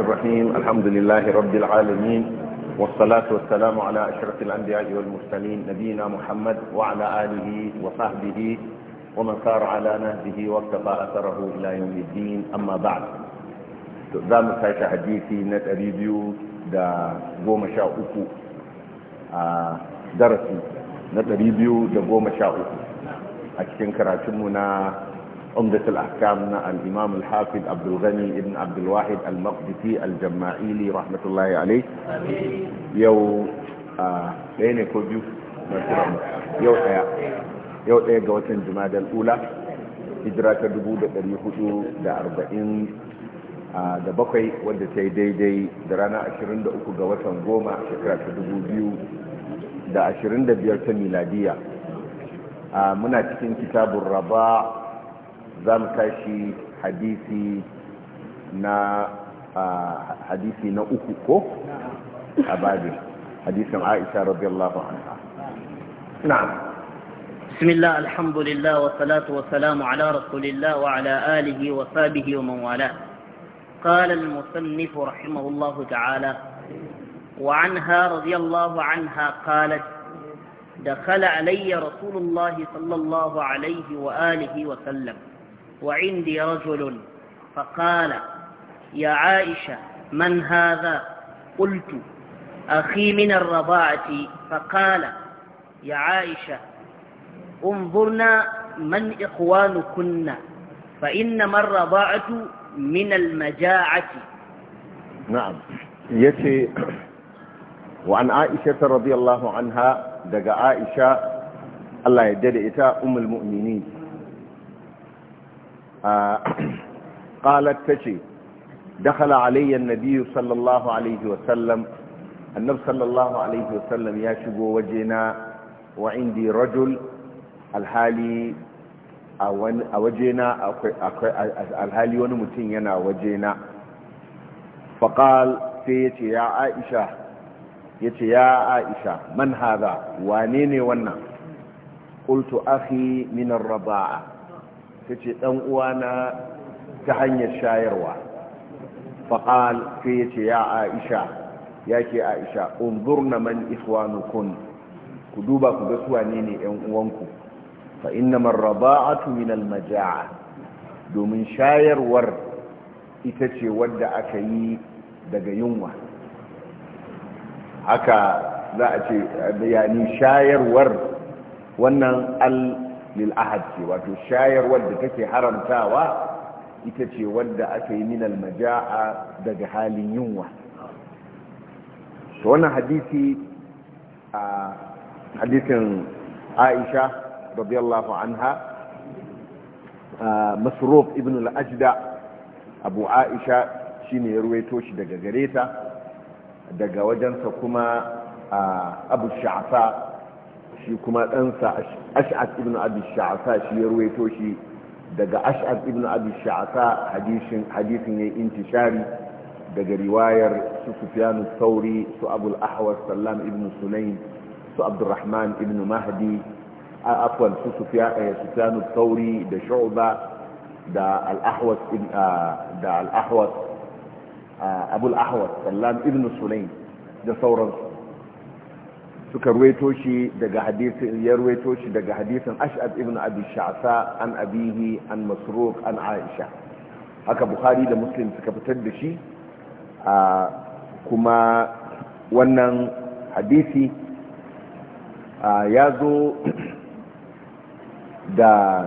الرحيم الحمد لله رب العالمين والصلاة والسلام على أشرف الأنبياء والمرسلين نبينا محمد وعلى آله وصحبه ومن صار على نهجه واقتفى أثره إلى يوم الدين أما بعد za mu حديثي نت na دا biyu da goma sha uku a darasi na ɗari biyu da goma عمدة الأحكام الإمام الحافظ عبد الغني بن al الواحد المقدسي الجماعيلي رحمة الله عليه يو ɗaya ne ko biyu yau ɗaya yau ɗaya ga watan jumadar ula hijira ta dubu da ɗari hudu da arba'in da bakwai wadda ta yi daidai da rana ashirin da uku ga watan goma shekara ta dubu biyu da ashirin da biyar ta miladiya muna cikin kitabun raba za mu tashi hadisi na hadisi na uku ko a babin hadisin aisha radiyallahu anha na'am بسم الله الحمد لله والصلاة والسلام على رسول الله وعلى آله وصحبه ومن والاه قال المصنف رحمه الله تعالى وعنها رضي الله عنها قالت دخل علي رسول الله صلى الله عليه وآله وسلم وعندي رجل فقال يا عائشة من هذا قلت أخي من الرضاعة فقال يا عائشة انظرنا من إخوانكن فإنما الرضاعة من المجاعة نعم يتي وعن عائشة رضي الله عنها دقى عائشة الله يدرئ إتاء أم المؤمنين qalat tace dakhala alayya an sallallahu alaihi wa sallam annab sallallahu alaihi wa sallam ya shigo wajena wa indi rajul alhali a wajena alhali wani mutum yana wajena faqal sai yace ya aisha ya ce ya aisha man wane ne wannan ƙultu ahi minar ta ce ɗan uwana ta hanyar shayarwa faƙal sai ya ce ya aisha ya ke aisha unzur na man iswanukun ku duba ku ga suwa ne ne ‘yan uwanku fa inna marraba'atu min almaja'a domin shayarwar ita ce wadda aka yi daga yunwa haka za a ce bayani shayarwar wannan al lil ahad ce wato shayar wanda take haramtawa ita ce wadda aka yi minal maja'a daga halin yunwa to wannan hadisi a hadisin aisha radiyallahu anha masruf ibn al-ajda abu aisha shine ya ruwaito shi daga gareta daga wajensa kuma abu sha'fa shi kuma ɗansa ash'ad ibn abi sha'asa shi ya ruwaito shi daga ash'ad ibn abi sha'asa hadisin hadisin yayin intishari daga riwayar su sufyanu sauri su abul ahwas sallam ibn sunayn su abdurrahman ibn mahdi afwan su eh, sufyanu sauri da shu'ba da al-ahwas ah, da al-ahwas ah, abul ahwas sallam ibn sunayn da sauransu suka ruwaito shi daga hadisin ya ruwaito shi daga hadisin ash'ab ibn abi sha'sa an abihi an masruq an aisha haka bukhari da muslim suka fitar da shi a kuma wannan hadisi ya zo da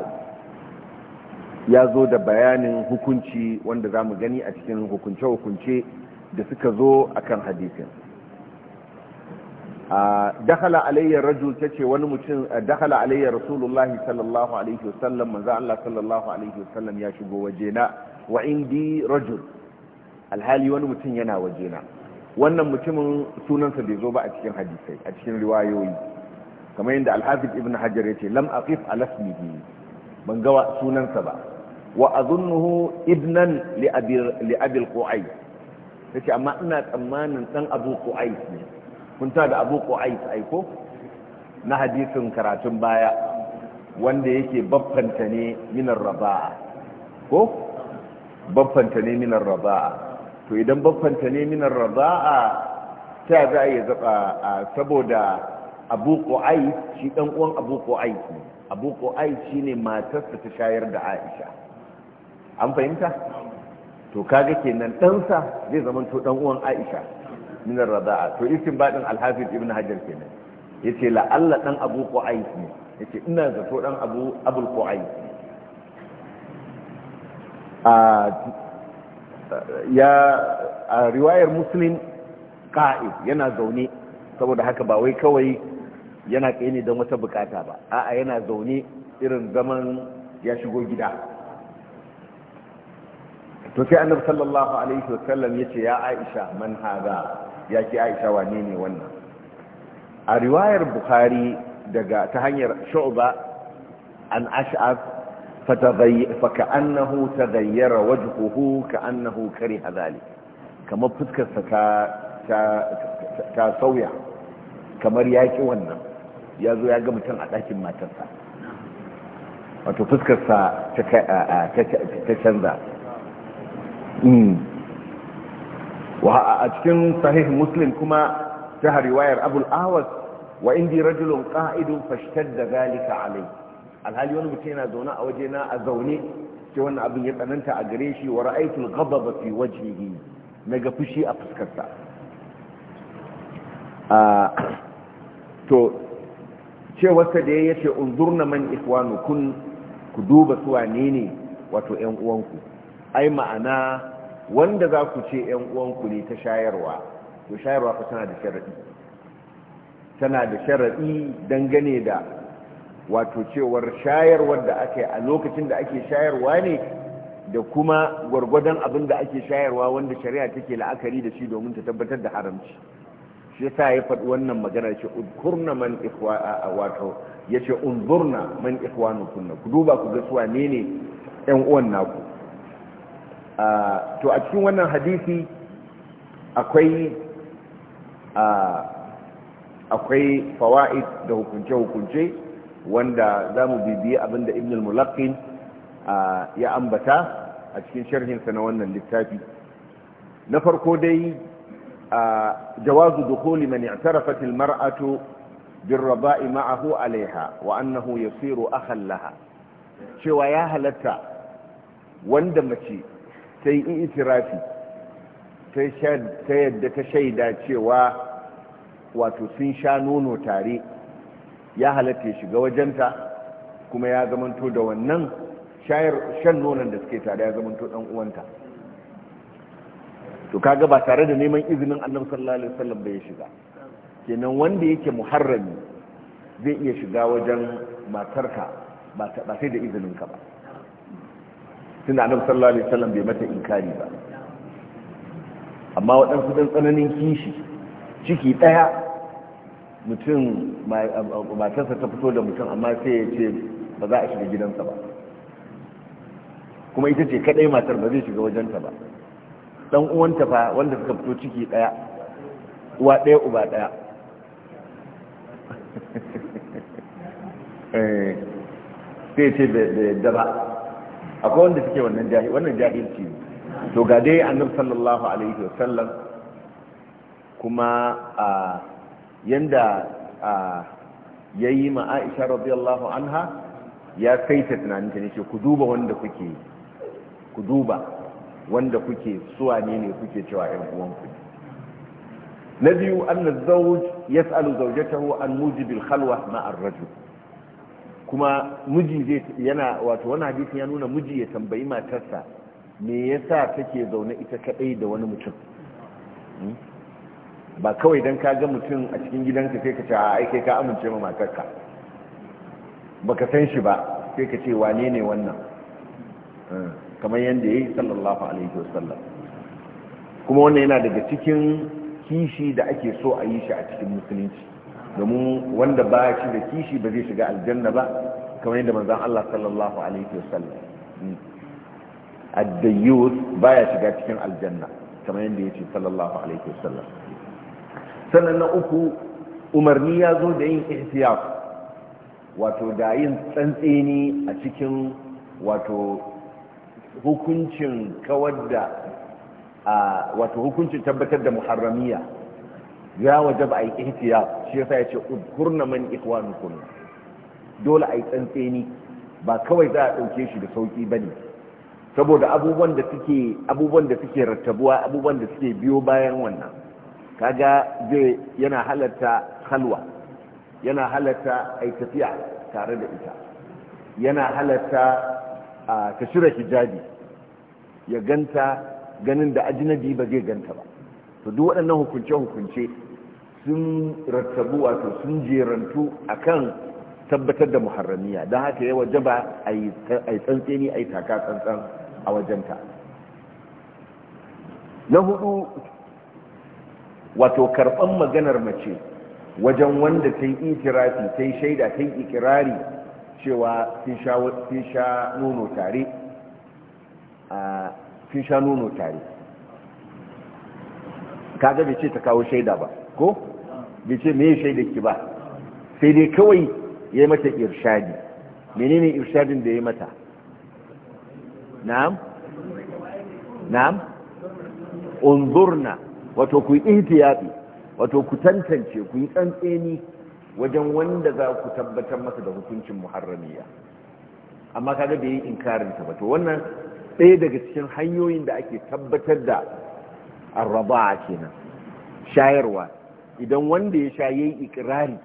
ya da bayanin hukunci wanda za mu gani a cikin hukunce-hukunce da suka zo akan hadisin dakhala alayya rajul tace wani mutum dakhala alayya rasulullah sallallahu alaihi wasallam manzo Allah sallallahu alaihi wasallam ya shigo wajena wa indi rajul alhali wani mutum yana wajena wannan mutumin sunansa bai zo ba a cikin hadisai a cikin riwayoyi kamar yadda al-hafiz ibn hajar yace lam aqif ala ismihi ban ga sunansa ba wa azunnuhu ibnan li abi li abi al-qu'ay yace amma ina tsammanin dan abu qu'ay ne kun ta da abu ƙo'ai ta aiko na hadisin karatun baya wanda yake babbanta ne minar raba'a ko babbanta ne minar raba'a to idan babbanta ne minar raba'a ta za a yi zaba saboda abu ƙo'ai shi ɗan uwan abu ƙo'ai ne abu ƙo'ai shi ne matarsa ta shayar da aisha an fahimta to kaga kenan ɗansa zai zama to ɗan uwan aisha min ar-rada'a to istinbadin al-hafiz ibn hajar kenan yace la Allah dan abu qais ne yace ina zato dan abu abul a ya a riwayar muslim qa'id yana zaune saboda haka ba wai kawai yana kai ne don wata bukata ba a'a yana zaune irin zaman ya shigo gida to sai annabi sallallahu alaihi wasallam yace ya Aisha man hada ya ki Aisha wane ne wannan a riwayar Bukhari daga ta hanyar Shu'ba an Ash'ab faka'annahu taghayyara wajhuhu ka'annahu kariha dhalik kamar fuskar sa ta ta sauya kamar yaki wannan yazo ya ga mutum a dakin matarsa wato fuskar sa ta canza Hmm. Wa a cikin sahih muslim kuma ta riwayar abul awas wa indi rajulun fashtar da zalika alai alhali wani mutum yana zaune a waje na a zaune sai wannan abin ya tsananta a gare shi wa gaba ba fi na ga fushi a fuskarsa to ce wasa da ya yace unzurna man kun ku duba su wane ne wato 'yan uwanku ai ma'ana wanda za ku ce ‘yan uwanku ne ta shayarwa to shayarwa fa tana da sharaɗi tana da sharaɗi dangane da wato cewar shayarwar da aka a lokacin da ake shayarwa ne da kuma gwargwadon abin da ake shayarwa wanda shari'a take la'akari da shi domin ta tabbatar da haramci shi sa ya faɗi wannan magana ce udkurna man a wato yace unzurna man kunna, ku duba ku ga suwa ne ne ƴan uwan naku to a cikin wannan hadisi akwai akwai fawaid da hukunce-hukunce wanda za mu bibiye abinda ibn al-mulaqin ya ambata a cikin sharhinsa na wannan littafi na farko dai jawazu dukuli man i'tarafat al-mar'atu birraba'i ma'ahu alaiha wa annahu yasiru akhan cewa ya halatta wanda mace ta yi itirafi ta yadda ta shaida cewa wato sun sha nono tare ya halatta shiga wajenta kuma ya zamanto da wannan shan nonon da suke tare ya zamanto dan uwanta to kaga ba tare da neman izinin annabi sallallahu alaihi wasallam bai shiga kenan wanda yake muharrami zai iya shiga wajen matarka ba sai da izininka ba tunda annabi sallallahu alaihi wasallam bai mata inkari ba amma waɗansu ɗan tsananin kishi ciki ɗaya mutum matarsa ta fito da mutum amma sai ya ce ba za a shiga gidansa ba kuma ita ce kaɗai matar ba zai shiga wajenta ba ɗan uwanta fa wanda suka fito ciki ɗaya uwa ɗaya uba ɗaya eh, sai ce da ba akwai wanda suke wannan jahil wannan jahilci ne to ga dai annabi sallallahu alaihi wa sallam kuma a yanda a yayi ma Aisha radiyallahu anha ya ta tunanin ta ne ce ku duba wanda kuke ku duba wanda kuke suwa ne ne kuke cewa ƴan uwanku na biyu annabi zawj yas'alu zawjatahu an mujibil khalwa ma ar-rajul kuma miji zai yana wato wani hadisin ya nuna miji ya tambayi matarsa me yasa take zaune ita kadai da wani mutum hmm? ba kawai dan ka ga mutum a cikin gidanka sai ka ce a ai ka amince ma matarka baka san shi ba sai ka ce wane ne wannan hmm. kamar yadda yayi sallallahu alaihi wasallam kuma wannan yana daga cikin kishi da ake so a yi shi a cikin musulunci domin wanda ba ya shiga kishi ba zai shiga aljanna ba kamar yadda manzon Allah sallallahu alaihi wasallam addayyus ba ya shiga cikin aljanna kamar yadda ya ce sallallahu alaihi wasallam sannan na uku umarni ya zo da yin ihtiyaf wato da yin tsantseni a cikin wato hukuncin kawar da wato hukuncin tabbatar da muharramiya ya waje ba a yi ihtiya shi yasa ya ce udhurna man ikhwanukum dole a yi tsantseni ba kawai za a ɗauke shi da sauki bane saboda abubuwan da suke abubuwan da suke rattabuwa abubuwan da suke biyo bayan wannan kaga zai yana halatta halwa yana halatta ai tafiya tare da ita yana halatta a kashira hijabi ya ganta ganin da ajnabi ba zai ganta ba to duk waɗannan hukunce-hukunce sun rattabu wato sun jerantu akan tabbatar da muharramiya don haka ya waje a yi tsantseni a yi taka tsantsan a wajenta na hudu wato karban maganar mace wajen wanda ta yi itirafi ta yi shaida ta yi ikirari cewa sun sha nuno sha tare kaga bai ce ta kawo shaida ba ko bai ce me shaida ki ba sai dai kawai ya yi mata irshadi menene irshadin da ya mata na'am na'am unzurna wato ku ihtiyati wato ku tantance ku yi tsantseni wajen wanda za ku tabbatar masa da hukuncin muharramiya amma kaga bai yi inkarin ta ba to wannan ɗaya daga cikin hanyoyin da ake tabbatar da arraba kenan shayarwa idan wanda ya sha yayi ikirari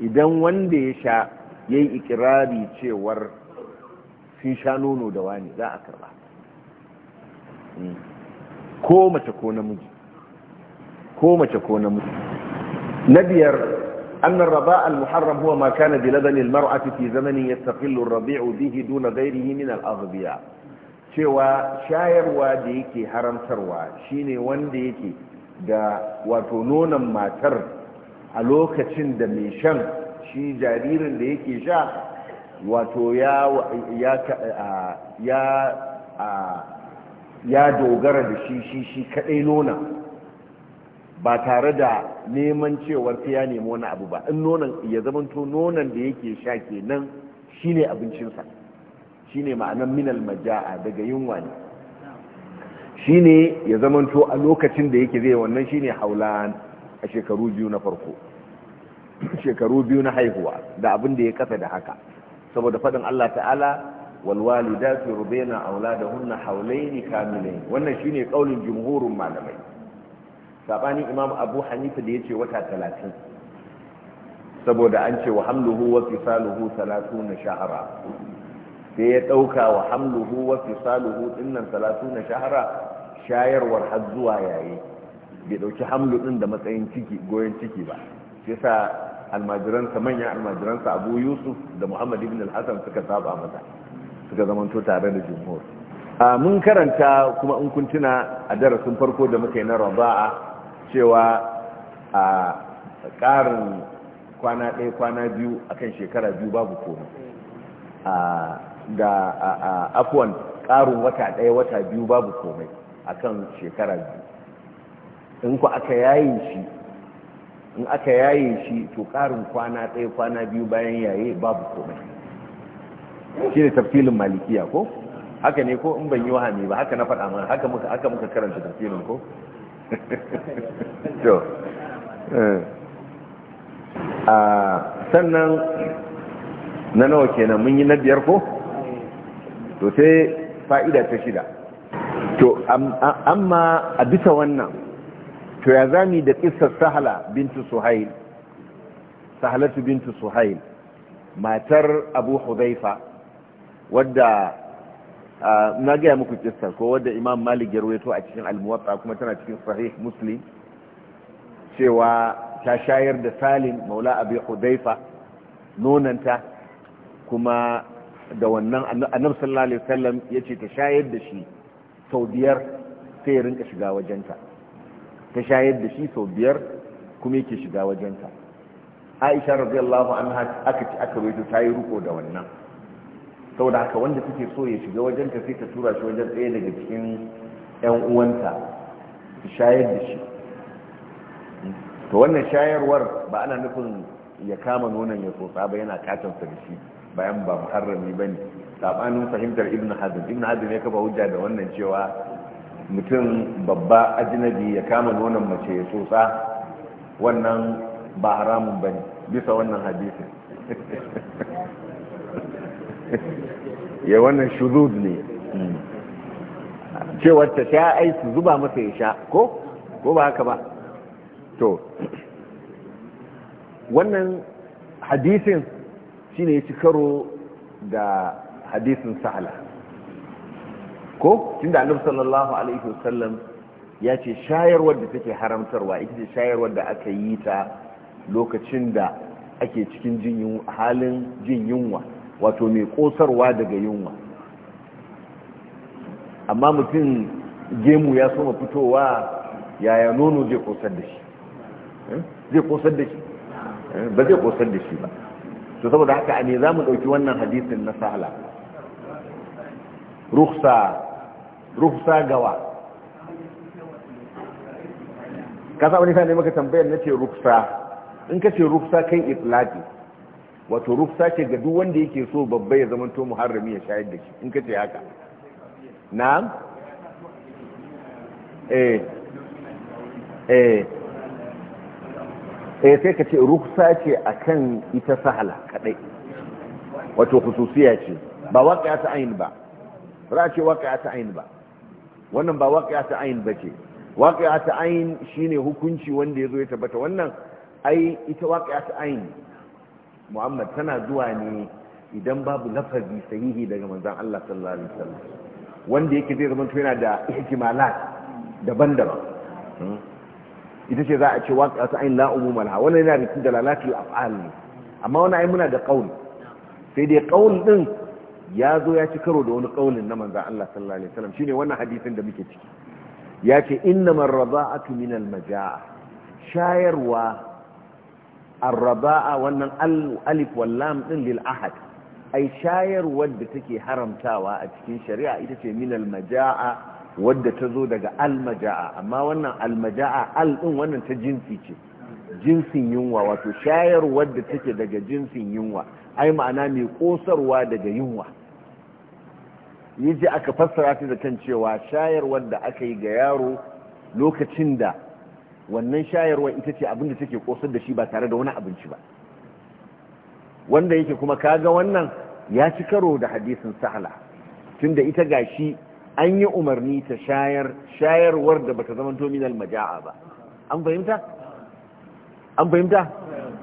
idan wanda ya sha yayi ikirari cewar sun sha nono da wani za a karba hmm. ko mace ko namiji ko mace ko namiji na biyar أن الرضاء المحرم هو ما كان بلبن zamanin في زمن rabi'u الرضيع به دون غيره من الأغذياء cewa shayarwa da yake haramtarwa shine wanda yake da wato nonon matar a lokacin da mai shan shi jaririn da yake sha wato ya ya dogara da shi shi shi kadai nona ba tare da neman cewar ta ya nemi wani abu ba in nonon ya zamanto nonon da yake sha kenan shine abincinsa shine ma'anar minal maja'a daga yunwa ne shi ne ya zamanto a lokacin da yake zai wannan shine haulan a shekaru biyu na farko shekaru biyu na haihuwa da abin da ya kasa da haka saboda faɗin Allah ta'ala walwalidatu da haulai haulaini kamilain wannan shine kaulin jumhurun malamai saɓanin imam abu hanifa da ce wata talatin saboda an ce wa hamluhu wa fisaluhu na shahara sai ya dauka wa hamluhu wa fisaluhu dinnan na shahara shayarwar har zuwa yayi bai dauki hamlu din da matsayin ciki goyen ciki ba sai sa almajiransa manyan almajiransa abu yusuf da muhammad ibn al-hasan suka saba mata suka zamanto tare da jumhur mun karanta kuma in kun tuna a darasin farko da muka yi na raba'a cewa a ƙarin kwana ɗaya kwana biyu akan shekara biyu babu koma da afuwan ƙarin wata ɗaya wata biyu babu komai akan shekara biyu in ku aka yayin shi in aka yayin shi to karin kwana ɗaya kwana biyu bayan yaye babu komai shi ne tafsilin malikiya ko haka ne ko in ban yi wahami ba haka na faɗa mana haka muka haka muka karanta tafsilin ko to eh. sannan na nawa kenan mun yi na biyar ko to sai fa'ida ta shida to amma a bisa wannan to ya zami da kisar sahala bintu suhail sahalatu bintu suhail matar abu hudaifa wadda na gaya muku kisar ko wadda imam malik ya ruwaito a cikin almuwatsa kuma tana cikin sahih muslim cewa ta shayar da salim maula abu hudaifa nonanta kuma da wannan annabi sallallahu alaihi wasallam ya ce ta shayar da shi sau biyar sai ya rinka shiga wajenta ta shayar da shi sau biyar kuma yake shiga wajenta aisha radiyallahu anha aka ci aka rawaito ta yi ruko da wannan Sau da haka wanda suke so ya shiga wajenta sai ta tura shi wajen tsaye daga cikin yan uwanta su shayar da shi to wannan shayarwar ba ana nufin ya kama nonon ya tsotsa ba yana katansa da shi bayan ba muharrami ba ne sabanin fahimtar ibn hadin ibn hadin ya kafa hujja da wannan cewa mutum babba ajnabi ya kama nonon mace ya tsotsa wannan ba haramun ba ne bisa wannan hadisin ya wannan shuzud ne hmm. cewar ta sha ai su zuba masa ya sha ko ko ba haka ba to wannan hadisin shine ya ci karo da hadisin sa'ala ko tunda annabi sallallahu alaihi wasallam ya ce shayarwar da take haramtarwa ita ce shayarwar da aka yi ta lokacin da ake cikin halin jin yunwa wato mai kosarwa daga yunwa amma mutum gemu ya soma fitowa yaya nono zai kosar da shi eh? zai kosar da shi eh, ba zai kosar da shi ba to saboda haka a ne za mu ɗauki wannan hadisin na sahala Ruksa Ruksa gawa kasa wani sa ne maka tambayar na ce ruksa in ka ce ruksa kai iflaki wato ruksa ce ga duk wanda yake so babba ya zama to muharrami ya shayar da shi in ka ce haka na'am eh eh sai eh, sai ka ce ruksa ce akan ita sahala kadai wato khususiya ce ba waƙa ta ayin ba ba za a ce waƙi'a ta ba wannan ba waƙi'a ta ayin ba ce waƙi'a ta ayin shine hukunci wanda ya zo ya tabbata wannan ai ita waƙi'a ta ayin muhammad tana zuwa ne idan babu lafazi sahihi daga manzan Allah sallallahu alaihi wasallam wanda yake zai zama yana da ihtimalat daban-daban hmm? ita ce za a ce waƙi'a ta ayin la umuma laha wannan yana da dalalatul af'al ne amma wani ai muna da qaul sai dai qaul din ya zo ya ci karo da wani ƙaunin na manzan Allah sallallahu alaihi wasallam shine wannan hadisin da muke ciki ya ce innamar rada'atu min al-maja'a shayarwa ar wannan alif wal lam din lil ahad ai shayarwar da take haramtawa a cikin shari'a ita ce min al-maja'a wadda ta zo daga al-maja'a amma wannan al-maja'a al din wannan ta jinsi ce jinsin yunwa wato shayarwar da take daga jinsin yunwa ai ma'ana mai kosarwa daga yunwa yi ji aka fassara ta da kan cewa shayarwar da aka yi ga yaro lokacin da wannan shayarwar ita ce abinda take kosar da shi ba tare da wani abinci ba wanda yake kuma kaga wannan ya ci karo da hadisin sahala tunda ita gashi an yi umarni ta shayar shayarwar da bata zama dominal maja'a ba an fahimta an fahimta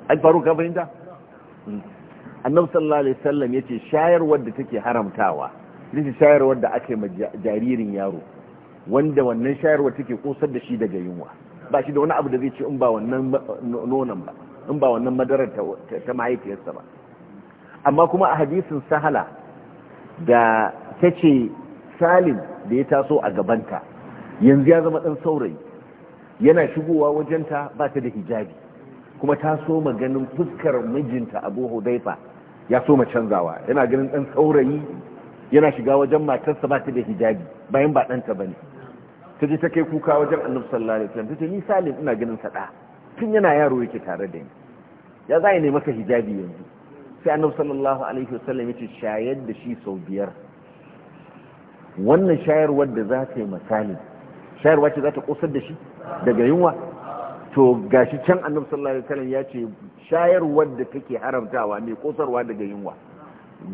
an faru ka fahimta hmm. annabi sallallahu alaihi wasallam yace shayarwar da take haramtawa bisa shayarwar da ake ma jaririn yaro wanda wannan shayarwar take kosar da shi daga yunwa ba shi da wani abu da zai ci in ba wannan nonon ba in ba wannan madarar ta mahaifiyarsa ba amma kuma a hadisin sahala da ta ce salim da ya taso a gabanta yanzu ya zama ɗan saurayi yana shigowa wajenta ba ta da hijabi kuma ta so ma ganin fuskar mijinta abu hudaifa ya so ma canzawa yana ganin ɗan saurayi yana shiga wajen matarsa ba ta da hijabi bayan ba ɗanta ba ne ta je ta kai kuka wajen annabi sallallahu alaihi wasallam ta ce ni salim ina ganin sa tun yana yaro yake tare da ni ya za ne masa hijabi yanzu sai annabi sallallahu alaihi wasallam ce shayar da shi sau biyar wannan shayarwar da za ta yi misali shayarwa ce za ta kusar da shi daga yunwa to gashi can annabi sallallahu alaihi wasallam ya ce shayarwar da take haramtawa mai kusarwa daga yunwa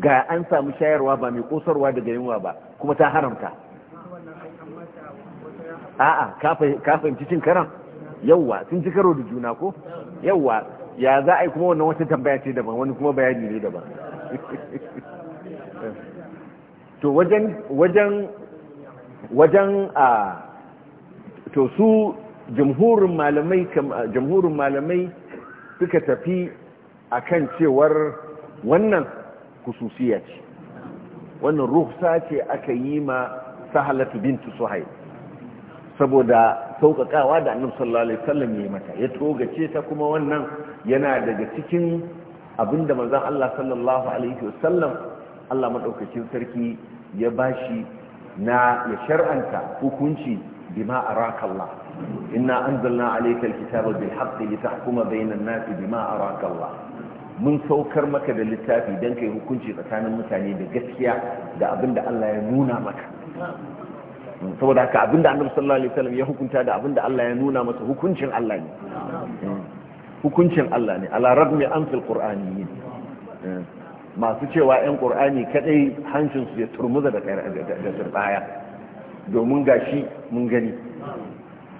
ga an samu shayarwa ba mai kosarwa daga yunwa ba kuma ta haramta a'a kafin fahimci cin karan yawwa sun ci karo da juna ko yawwa ya za a yi kuma wannan wata tambaya ce daban wani kuma bayani ne daban to wajen wajen wajen a to su jamhurin malamai jamhurin malamai suka tafi akan cewar wannan kususiya ce wannan ruhsa ce aka yi ma sahalatu bintu suhaib saboda sauƙaƙawa da annabi sallallahu alaihi wasallam yayi mata ya togace ta kuma wannan yana daga cikin abinda manzon Allah sallallahu alaihi wasallam Allah madaukakin sarki ya bashi na ya shar'anta hukunci bima araka Allah inna anzalna alayka alkitaba bilhaqqi litahkuma bayna nasi bima araka Allah mun saukar maka da littafi don kai hukunci tsakanin mutane da gaskiya da abinda Allah ya nuna maka saboda haka abinda annabi sallallahu alaihi wasallam ya hukunta da abinda Allah ya nuna masa hukuncin Allah ne hukuncin Allah ne ala rabbi an fil qur'ani masu cewa yan qur'ani kadai hancin su ya turmuza da da turbaya domin gashi mun gani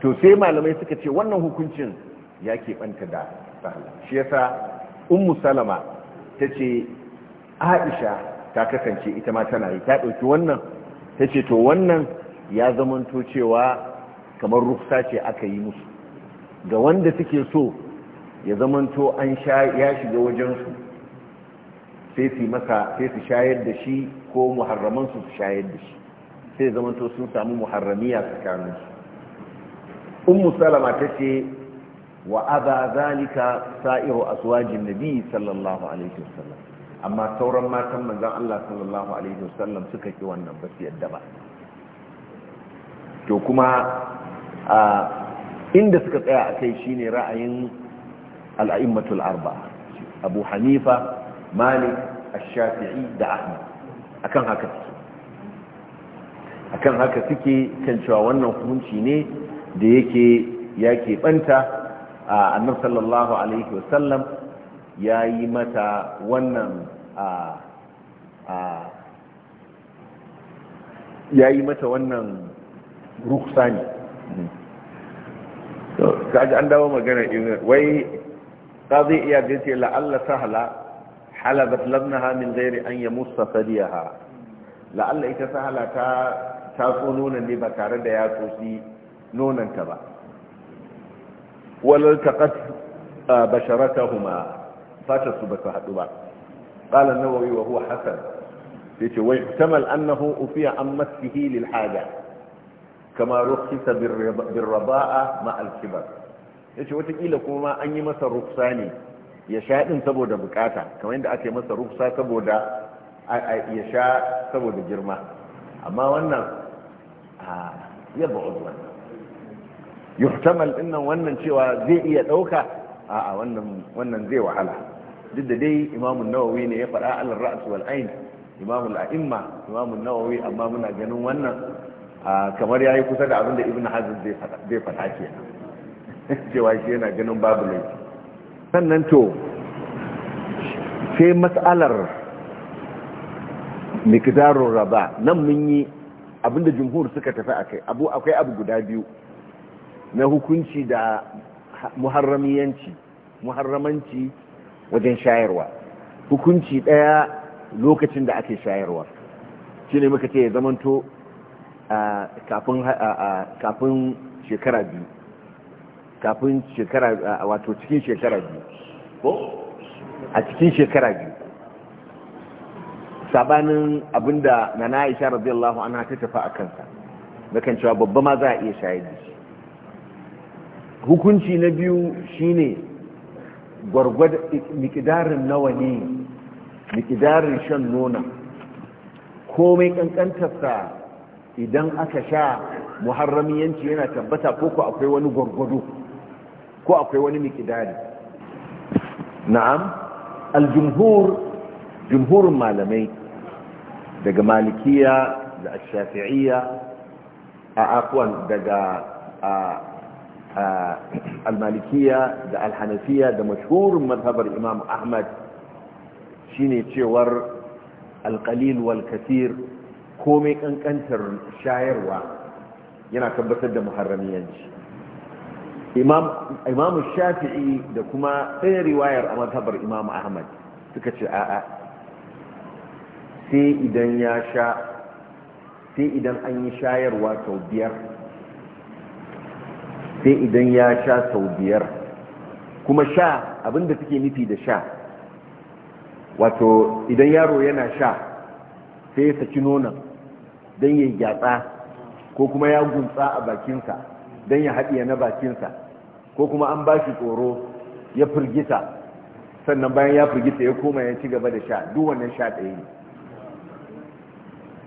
to sai malamai suka ce wannan hukuncin ya ke ɓanta da Allah shi yasa ummu salama ta ce aisha ta kasance ita ma tana yi ta ɗauki wannan ta ce to wannan ya zamanto cewa kamar rufsa ce aka yi musu ga wanda suke so ya zamanto an sha ya shiga wajensu sai su masa sai su shayar da shi ko muharramansu su shayar da shi sai zamanto sun samu muharramiya tsakaninsu ummu salama ta ce wa aba zalika sa'iru aswajin nabi sallallahu alaihi wasallam amma sauran matan manzon Allah sallallahu alaihi wasallam suka ki wannan ba su yadda ba to kuma a inda suka tsaya akai shine ra'ayin al-a'immatul arba'a Abu Hanifa Malik Ash-Shafi'i da Ahmad akan haka akan haka suke kan cewa wannan hukunci ne da yake yake banta annabi sallallahu alaihi wasallam ya yi mata wannan ya yi mata wannan ruksa ne kaji an dawo magana irin wai ta zai iya gace la'alla sahala halabat labnaha min gairi an ya musa sadiyaha la'alla ita sahala ta taso nonon ne ba tare da ya tsosi nonanta ba والتقت آه، بشرتهما فاتسبك حدبا قال النووي وهو حسن ويحتمل أنه أفيع عن مسكه للحاجة كما رخص بالرضاء مع الكبر وتقيل كما أن يمس الرخصاني يشاء إن تبود بكاتا كما عند أتي مس الرخصة تبود يشاء تبود جرمه أما وأنه آه، يبعد وأنه yuhtamal dinnan wannan cewa zai iya dauka a'a wannan wannan zai wahala duk da dai imamun nawawi ne ya faɗa al ra's wal ain imamu al-a'imma imamu nawawi amma muna ganin wannan kamar yayi kusa da abin da ibnu hazm zai faɗa zai faɗa kenan cewa shi yana ganin babu laifi sannan to sai matsalar mikdarur raba nan mun yi abinda jumhur suka tafi akai abu akwai abu guda biyu na hukunci da muharramiyanci muharramanci wajen shayarwa hukunci ɗaya lokacin da ake shayarwa shi ne muka ce ya zamanto kafin shekara biyu kafin shekara wato cikin shekara biyu a cikin shekara biyu sabanin abinda na na aisha radiyallahu anha ta tafi a kansa na kan cewa babba ma za a iya shayar da shi hukunci na biyu shine gwargwada mikidarin nawa ne mikidarin shan nona komai kankantarsa idan aka sha muharramiyanci yana tabbata ko ko akwai wani gwargwado ko akwai wani mikidari na'am aljumhur jumhurin malamai daga malikiya da ashafi'iyya a akwai daga almalikiya da alhanafiya da mashhurin mazhabar imam ahmad shine cewar alkalil wal komai kankantar shayarwa yana tabbatar da muharramiyanci imam shafi'i da kuma ɗaya riwayar a mazhabar imam ahmad suka ce a'a sai idan ya sha sai idan an yi shayarwa sau biyar sai idan ya sha sau biyar kuma sha abinda suke nufi da sha wato idan yaro yana sha sai ya saki nonon don ya gyatsa ko kuma ya guntsa a bakinsa don ya haɗiya na bakinsa ko kuma an ba shi tsoro ya firgita sannan bayan ya firgita ya koma ya ci gaba da sha duk wannan sha ɗaya ne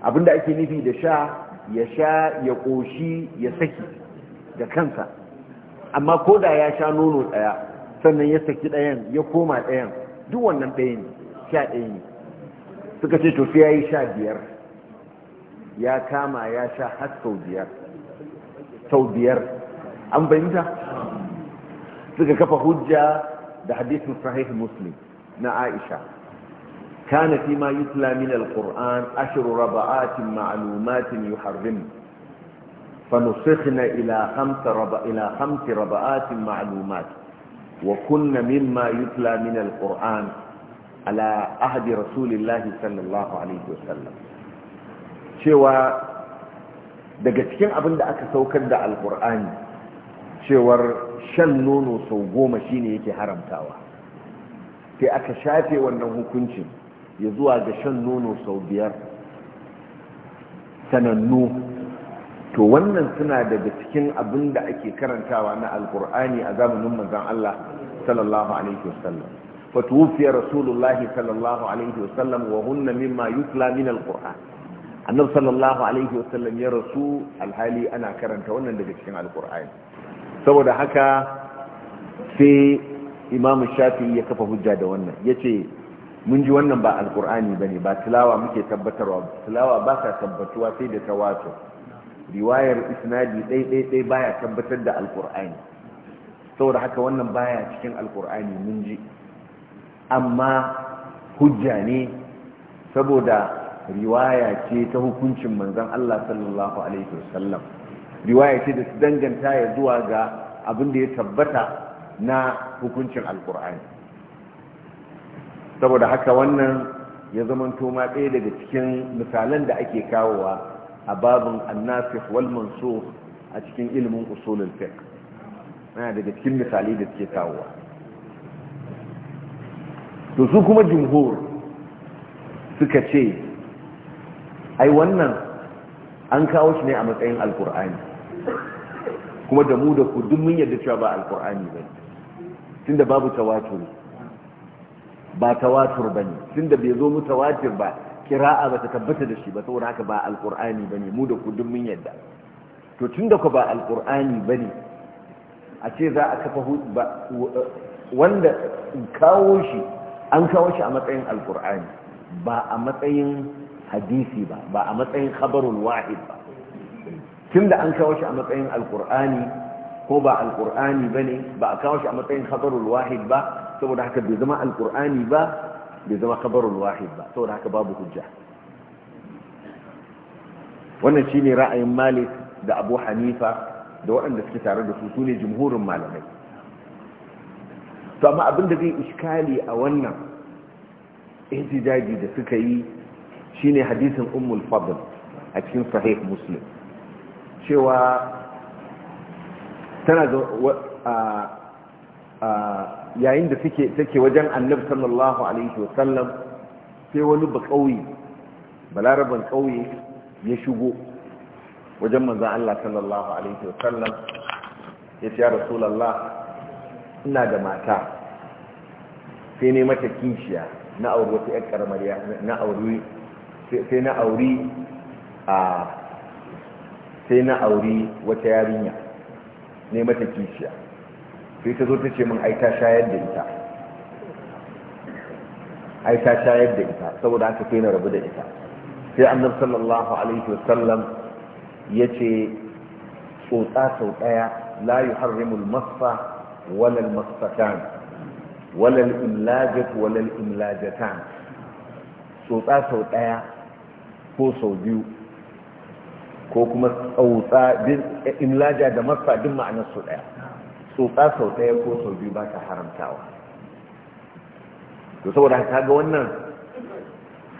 abinda ake nufi da sha ya sha ya ƙoshi ya saki da kansa amma ko da ya sha nono ɗaya sannan ya saki ɗayan ya koma ɗayan duk wannan ɗaya ne sha ɗaya ne suka ce to ya yi sha biyar ya kama ya sha har sau biyar sau biyar an bayyanta suka kafa hujja da hadisin sahih muslim na aisha kana fi ma yutla min alquran ashru raba'atin ma'lumatin yuharrim فنسخنا إلى خمس, رب... إلى خمس ربعات معلومات وكنا مما يتلى من القرآن على عهد رسول الله صلى الله عليه وسلم شوى daga cikin abin da aka saukar da alkur'ani cewar shan nono sau goma shine yake haramtawa sai aka shafe wannan hukuncin ya zuwa ga shan nono sau biyar sanannu to wannan suna daga cikin abin da ake karantawa na alkur'ani a zamanin manzon Allah sallallahu alaihi wasallam rasulullahi sallallahu alaihi wasallam wa hunna mimma yutla min sallallahu alaihi wasallam ya rasu alhali ana karanta wannan daga cikin alkur'ani saboda haka sai imam Shafi ya kafa hujja da wannan ce mun ji wannan ba alkur'ani ne ba tilawa muke tabbatarwa tilawa ba ta tabbatuwa sai da ta wato. riwayar isnadi ɗaiɗaiɗai baya tabbatar da alkur'ani saboda haka wannan baya cikin alkur'ani mun ji amma hujja ne saboda riwaya ce ta hukuncin manzon Allah sallallahu alaihi wasallam riwaya ce da su danganta ya zuwa ga abin da ya tabbata na hukuncin alkur'ani saboda haka wannan ya zamanto ma ɗaya daga cikin misalan da ake kawowa a babin annasif wal so a cikin ilimin usulul fiqh yana daga cikin misali da suke kawowa to su kuma jumhur suka ce ai wannan an kawo shi ne a matsayin alkur'ani kuma da mu da ku duk mun yadda cewa ba alkur'ani bane tunda babu tawatur ba tawatur bane tunda bai zo mu tawatur ba kira'a ba ta tabbata da shi ba saboda haka ba Alƙur'ani ba ne mu da ku mun yadda to tun da ku ba Alƙur'ani ba ne a ce za a kafa wanda kawo shi an kawo shi a matsayin Alƙur'ani ba a matsayin hadisi ba ba a matsayin khabarul wahid ba tun da an kawo shi a matsayin alkur'ani ko ba Alƙur'ani ba ne ba a kawo shi a matsayin khabarul wahid ba saboda haka bai zama alkur'ani ba bai zama kabarul wahid ba saboda haka babu hujja wannan ne ra'ayin malik da abu hanifa da waɗanda suke tare da su sune jumhurin malamai to amma abin da zai iskali a wannan ihtijaji da suka yi shine hadisin ummul fadl a cikin sahih muslim cewa tana yayin da suke take wajen annabi sallallahu alaihi wasallam sai wani ba kauye balaraban kauye ya shigo wajen manzon Allah sallallahu alaihi wasallam ya ce ya rasulullah ina da mata sai ne mata kishiya na auri wata yar karamar na auri sai na auri a sai na auri wata yarinya ne mata kishiya sai ta zo ta ce min ai ta shayar da ita ai ta shayar da ita saboda aka kai na rabu da ita sai annabi sallallahu alaihi wasallam ce tsotsa sau daya la yuharrimul masfa wala masfatan walal al imlajat wala imlajatan tsotsa sau daya ko sau biyu ko kuma tsotsa imlaja da masfa din ma'anar su daya tsotsa sau ɗaya ko sau biyu ba ta haramtawa to saboda haka ga wannan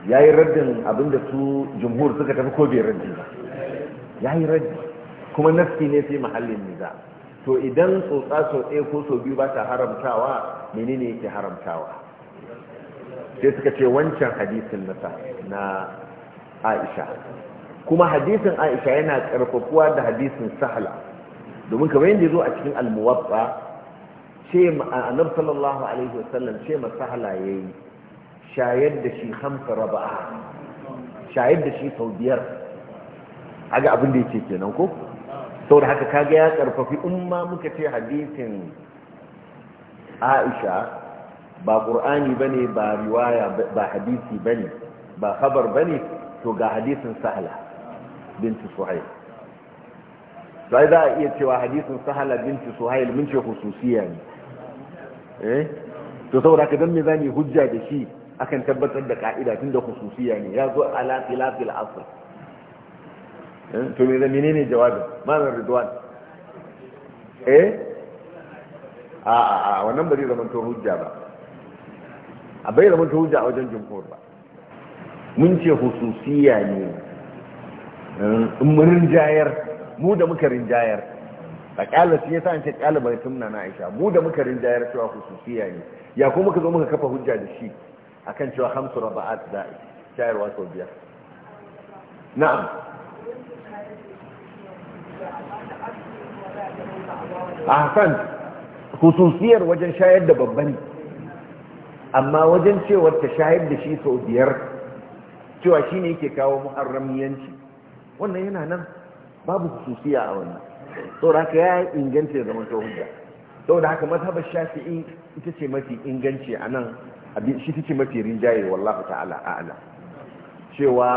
ya yi raddin abinda su jumhur suka tafi ko bai raddi ba ya yi raddi kuma nafi ne sai mahallin niza to idan tsotsa sau ɗaya ko sau biyu ba ta haramtawa menene yake haramtawa sai suka ce wancan hadisin nasa na aisha kuma hadisin aisha yana karfafuwa da hadisin sahla domin kamar yadda zo a cikin almuwatsa ce annabi sallallahu alaihi wasallam ce masahala yayi shayar da shi hamsa raba'a shayar da shi sau biyar aga abin da yake kenan ko da haka kaga ya karfafi umma muka ce hadisin Aisha ba Qur'ani bane ba riwaya ba hadisi bane ba khabar bane to ga hadisin Sahla bint Suhaib sai za a iya cewa hadisin sahala binti suhail mun ce hususiya ne eh to saboda ka dan me zani hujja da shi akan tabbatar da ka'ida tun da hususiya ne ya zo ala filafil asr eh? to me da menene jawabin malam ridwan eh a a a wannan ba zai zama to hujja ba a bai zama to hujja a wajen jumhur ba mun ce hususiya ne eh? in mun jayar mu da muka rinjayar a kyala su ya an ce kyala tumna na Aisha mu da muka rinjayar cewa sufiya ne ya kuma muka zo muka kafa hujja da shi a kan cewa hamsu a da shayarwa sau biyar na'am Hassan hususiyar wajen shayar da babban amma wajen cewar ta shayar da shi sau biyar cewa shine yake kawo muharramiyanci wannan yana nan babu hususiya a wannan da haka ya inganta ya zama to hujja da haka mazhabar shafi'i ita ce mafi inganci a nan shi ta ce mafi rinjaye wallahu ta'ala ala cewa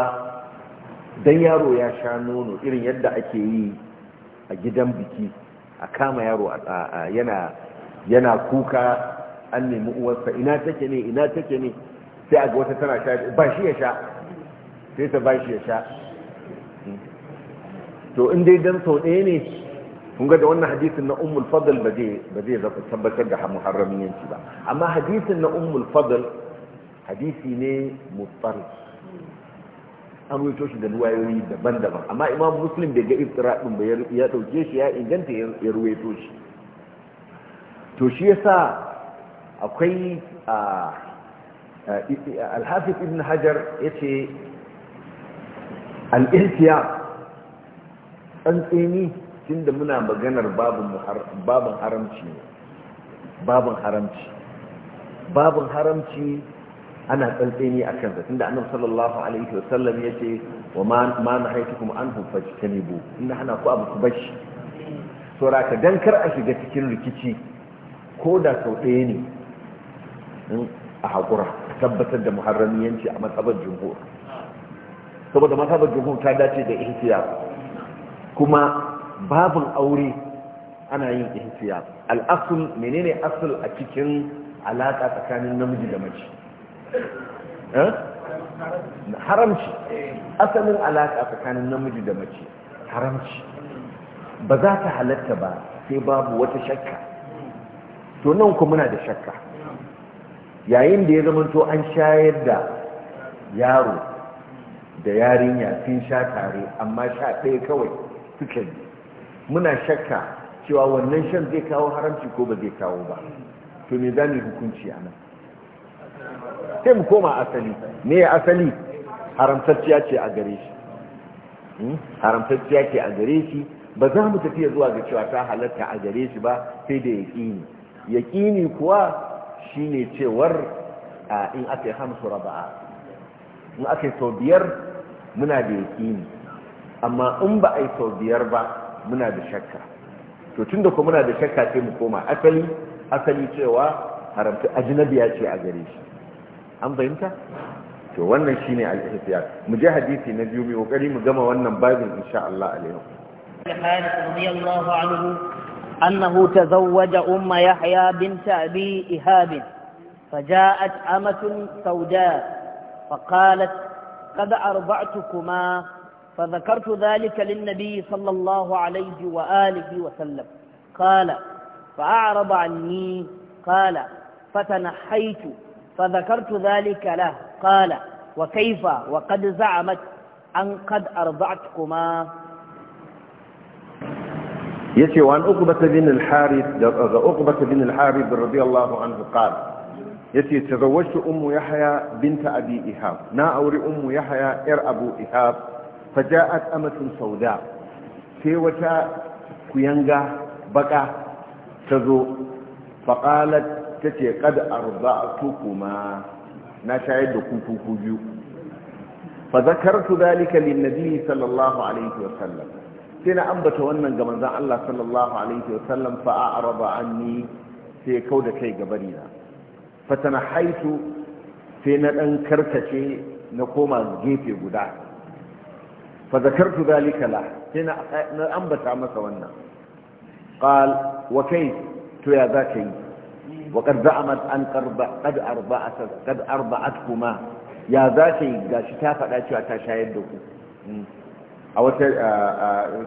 dan yaro ya sha nono irin yadda ake yi a gidan biki a kama yaro yana yana kuka an nemi uwarsa ina take ne ina take ne sai a ga wata tana sha ba shi ya sha sai ta ba shi ya sha to in dai dan sau ɗaya ne kun ga da wannan hadisin na ummul fadl ba zai ba tabbatar da muharramin yanci ba amma hadisin na ummul fadl hadisi ne mutsari an rito shi da ruwayoyi daban-daban amma imam muslim bai ga iftira din ba ya dauke shi ya inganta ya ruwaito shi to shi akwai alhafiz ibn hajar yace al-ihtiyar tsantseni tun da muna maganar babin haramci ne babin haramci babin haramci ana tsantseni a kansa tun da annabu sallallahu alaihi wasallam ya ce wa ma na haiti kuma an hufaci ta nebo inda hana ku abu ku bashi ka don kar a shiga cikin rikici ko da sau ɗaya ne a haƙura tabbatar da muharramiyanci a matsabar jumhur saboda matsabar jumhur ta dace da ihtiyar kuma babin aure ana yin ihtiya al'asul menene asul a cikin alaka tsakanin namiji da mace eh? haramci asalin alaka tsakanin namiji da mace haramci ba za ta halatta ba sai babu wata shakka to nan kuma muna da shakka yayin da ya zamanto an shayar da yaro da yarinya sun sha tare amma sha ɗaya kawai suka yi muna shakka cewa wannan shan zai kawo haramci ko ba zai kawo ba to me za mu hukunci a nan sai mu koma asali me ya asali haramtacciya ce a gare shi hmm? haramtacciya ce a gare shi ba za mu tafiya zuwa ga cewa ta halatta a gare shi ba sai da yaƙini yaƙini kuwa shine cewar in aka yi hamsu raba'a in aka yi sau biyar muna da yaƙini amma in ba a yi sau biyar ba muna da shakka to tun da kuma muna da shakka sai mu koma asali asali cewa haramta ajinabiya ce a gare shi an fahimta to wannan shi ne ihtiyar mu je hadisi na biyu mu kokari mu gama wannan babin insha Allah alaihi Malik radiyallahu anhu annahu tazawwaja umma Yahya bint Abi Ihab فجاءت أمة سوداء فقالت قد أرضعتكما فذكرت ذلك للنبي صلى الله عليه وآله وسلم قال فأعرض عني قال فتنحيت فذكرت ذلك له قال وكيف وقد زعمت أن قد أرضعتكما يتي وعن أقبة بن الحارث أقبة بن الحارث رضي الله عنه قال يتي تزوجت أم يحيى بنت أبي إيهاب نا أوري أم يحيى إر أبو إيهاب faja'at amatun sauda sai wata kuyanga baƙa tazo zo faƙalat ta ce kada arba'atu kuma na shayar da kuku biyu fa zakartu zalika lin nabi sallallahu alaihi wa sallam sai na ambata wannan ga manzon Allah sallallahu alaihi wa sallam fa a'rada anni sai kauda kai gabari na fa tanahaitu sai na dan karkace na koma gefe guda fa zakartu zalika la sai na ambata masa wannan qal wa kai to ya za ka yi wa qad za'amat an qarba qad arba'at qad ya za ka yi gashi ta faɗa cewa ta ku a wata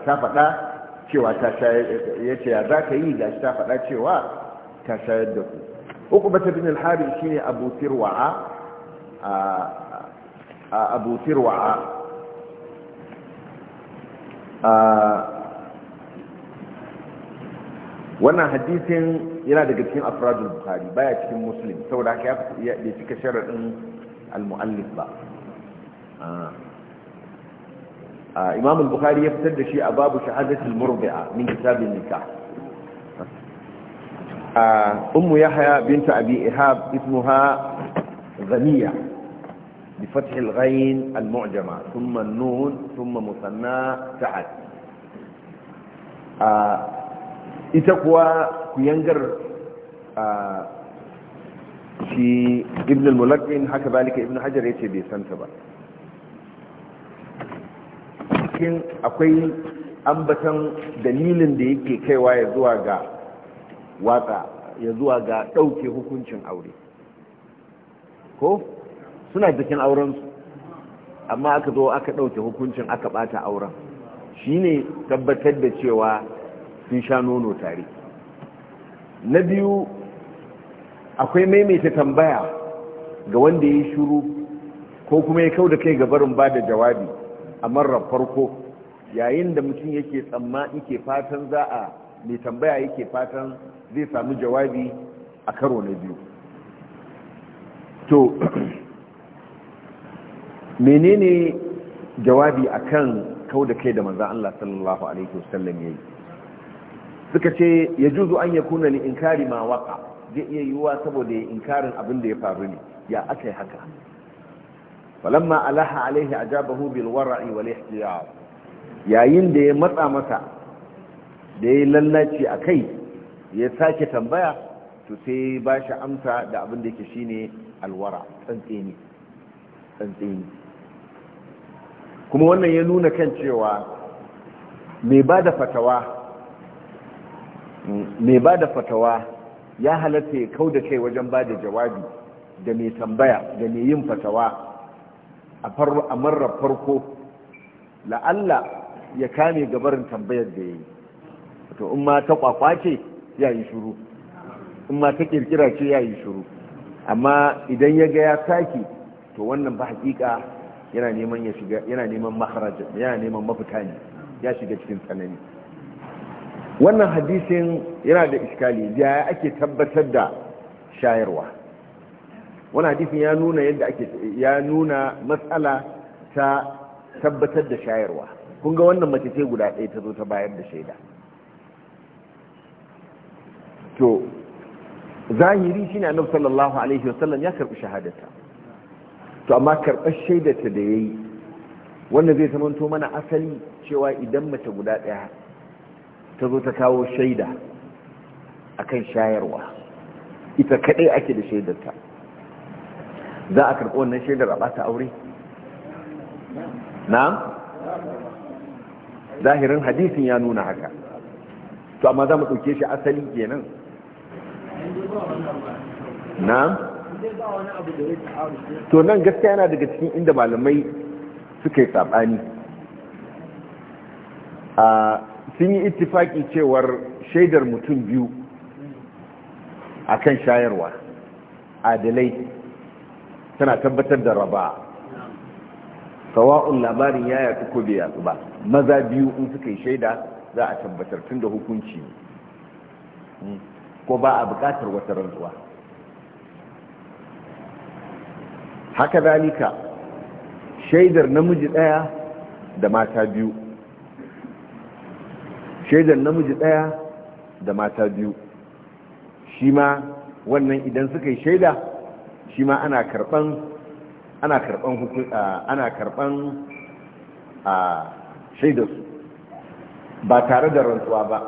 ta faɗa cewa ta shayar ya za ka yi gashi ta faɗa cewa ta shayar da ku uku mm. bata bin al-harith shine abu A abu tirwa'a wannan hadisin yana daga cikin afradul bukhari baya cikin muslim saboda haka ya fita ya cika sharadin al-muallif ba imam al-bukhari ya fitar da shi a babu shahadatul murdi'a min kitabin nikah ummu yahya bint abi ihab ismuha ghaniya بفتح الغين المعجمة ثم النون ثم مثنى سعد إتقوى كينجر في ابن الملقن حكى ذلك ابن حجر يتي بيسانتبا cikin akwai ambatan dalilin da yake kaiwa ya zuwa ga watsa ya zuwa ga ɗauke hukuncin aure ko suna jikin aurensu amma aka zo aka ɗauke hukuncin aka ɓata auren shi ne tabbatar da cewa sun sha nono tare na biyu akwai maimaita tambaya ga wanda ya yi shuru ko kuma ya kau da kai gabarin ba da jawabi a marar farko yayin da mutum yake tsamma yake fatan za a mai tambaya yake fatan zai samu jawabi a karo na biyu to menene jawabi akan kau da kai da manzan Allah sallallahu alaihi wasallam yayi suka ce ya juzu an yakuna li inkari ma waqa zai iya yiwuwa saboda ya inkarin abin da ya faru ne ya aka yi haka falamma alaha alaihi ajabahu bil wara'i wal ihtiyar yayin da ya matsa masa da ya lallaci a kai ya sake tambaya to sai ba shi amsa da abin da yake shine alwara tsantseni tsantseni kuma wannan ya nuna kan cewa mai ba da fatawa ya halatta ya kau da kai wajen ba da jawabi da mai tambaya da mai yin fatawa a marar farko la'alla ya kame gabarin tambayar da ya yi to in ma ta kwakwa ce ya yi shuru in ma ta kirkira ce ya yi shuru amma idan ya ga ya sake to wannan ba hakika yana neman ya shiga yana neman yana neman mafita ne ya shiga cikin tsanani wannan hadisin yana da iskali ya ake tabbatar da shayarwa wannan hadisin ya nuna yadda ake ya nuna matsala ta tabbatar da shayarwa kun ga wannan mace ce guda ɗaya ta zo ta bayar da shaida to zahiri shine annabi sallallahu alaihi wasallam ya karbi shahadarta to amma karɓar shaidarta da ya yi wanda zai zamanto mana asali cewa idan mace guda ɗaya ta zo ta kawo shaida akan shayarwa ita kaɗai ake da shaidarta za a karɓi wannan shaidar a ɓata aure na zahirin hadisin ya nuna haka to amma za mu ɗauke shi asali kenan na to nan gaskiya yana daga cikin inda malamai suka yi saɓani a sun yi ittifaki cewar shaidar mutum biyu a kan shayarwa adalai tana tabbatar da raba sawa'un labarin ya yaku ko bai yatsu ba maza biyu in suka yi shaida za a tabbatar tun da hukunci hmm. ko ba a bukatar wata rantsuwa haka zalika shaidar namiji daya da mata biyu shaidar namiji daya da mata biyu shi ma wannan idan suka yi shaida shi ma ana karban ana karban ana karban a shaidarsu ba tare da rantsuwa ba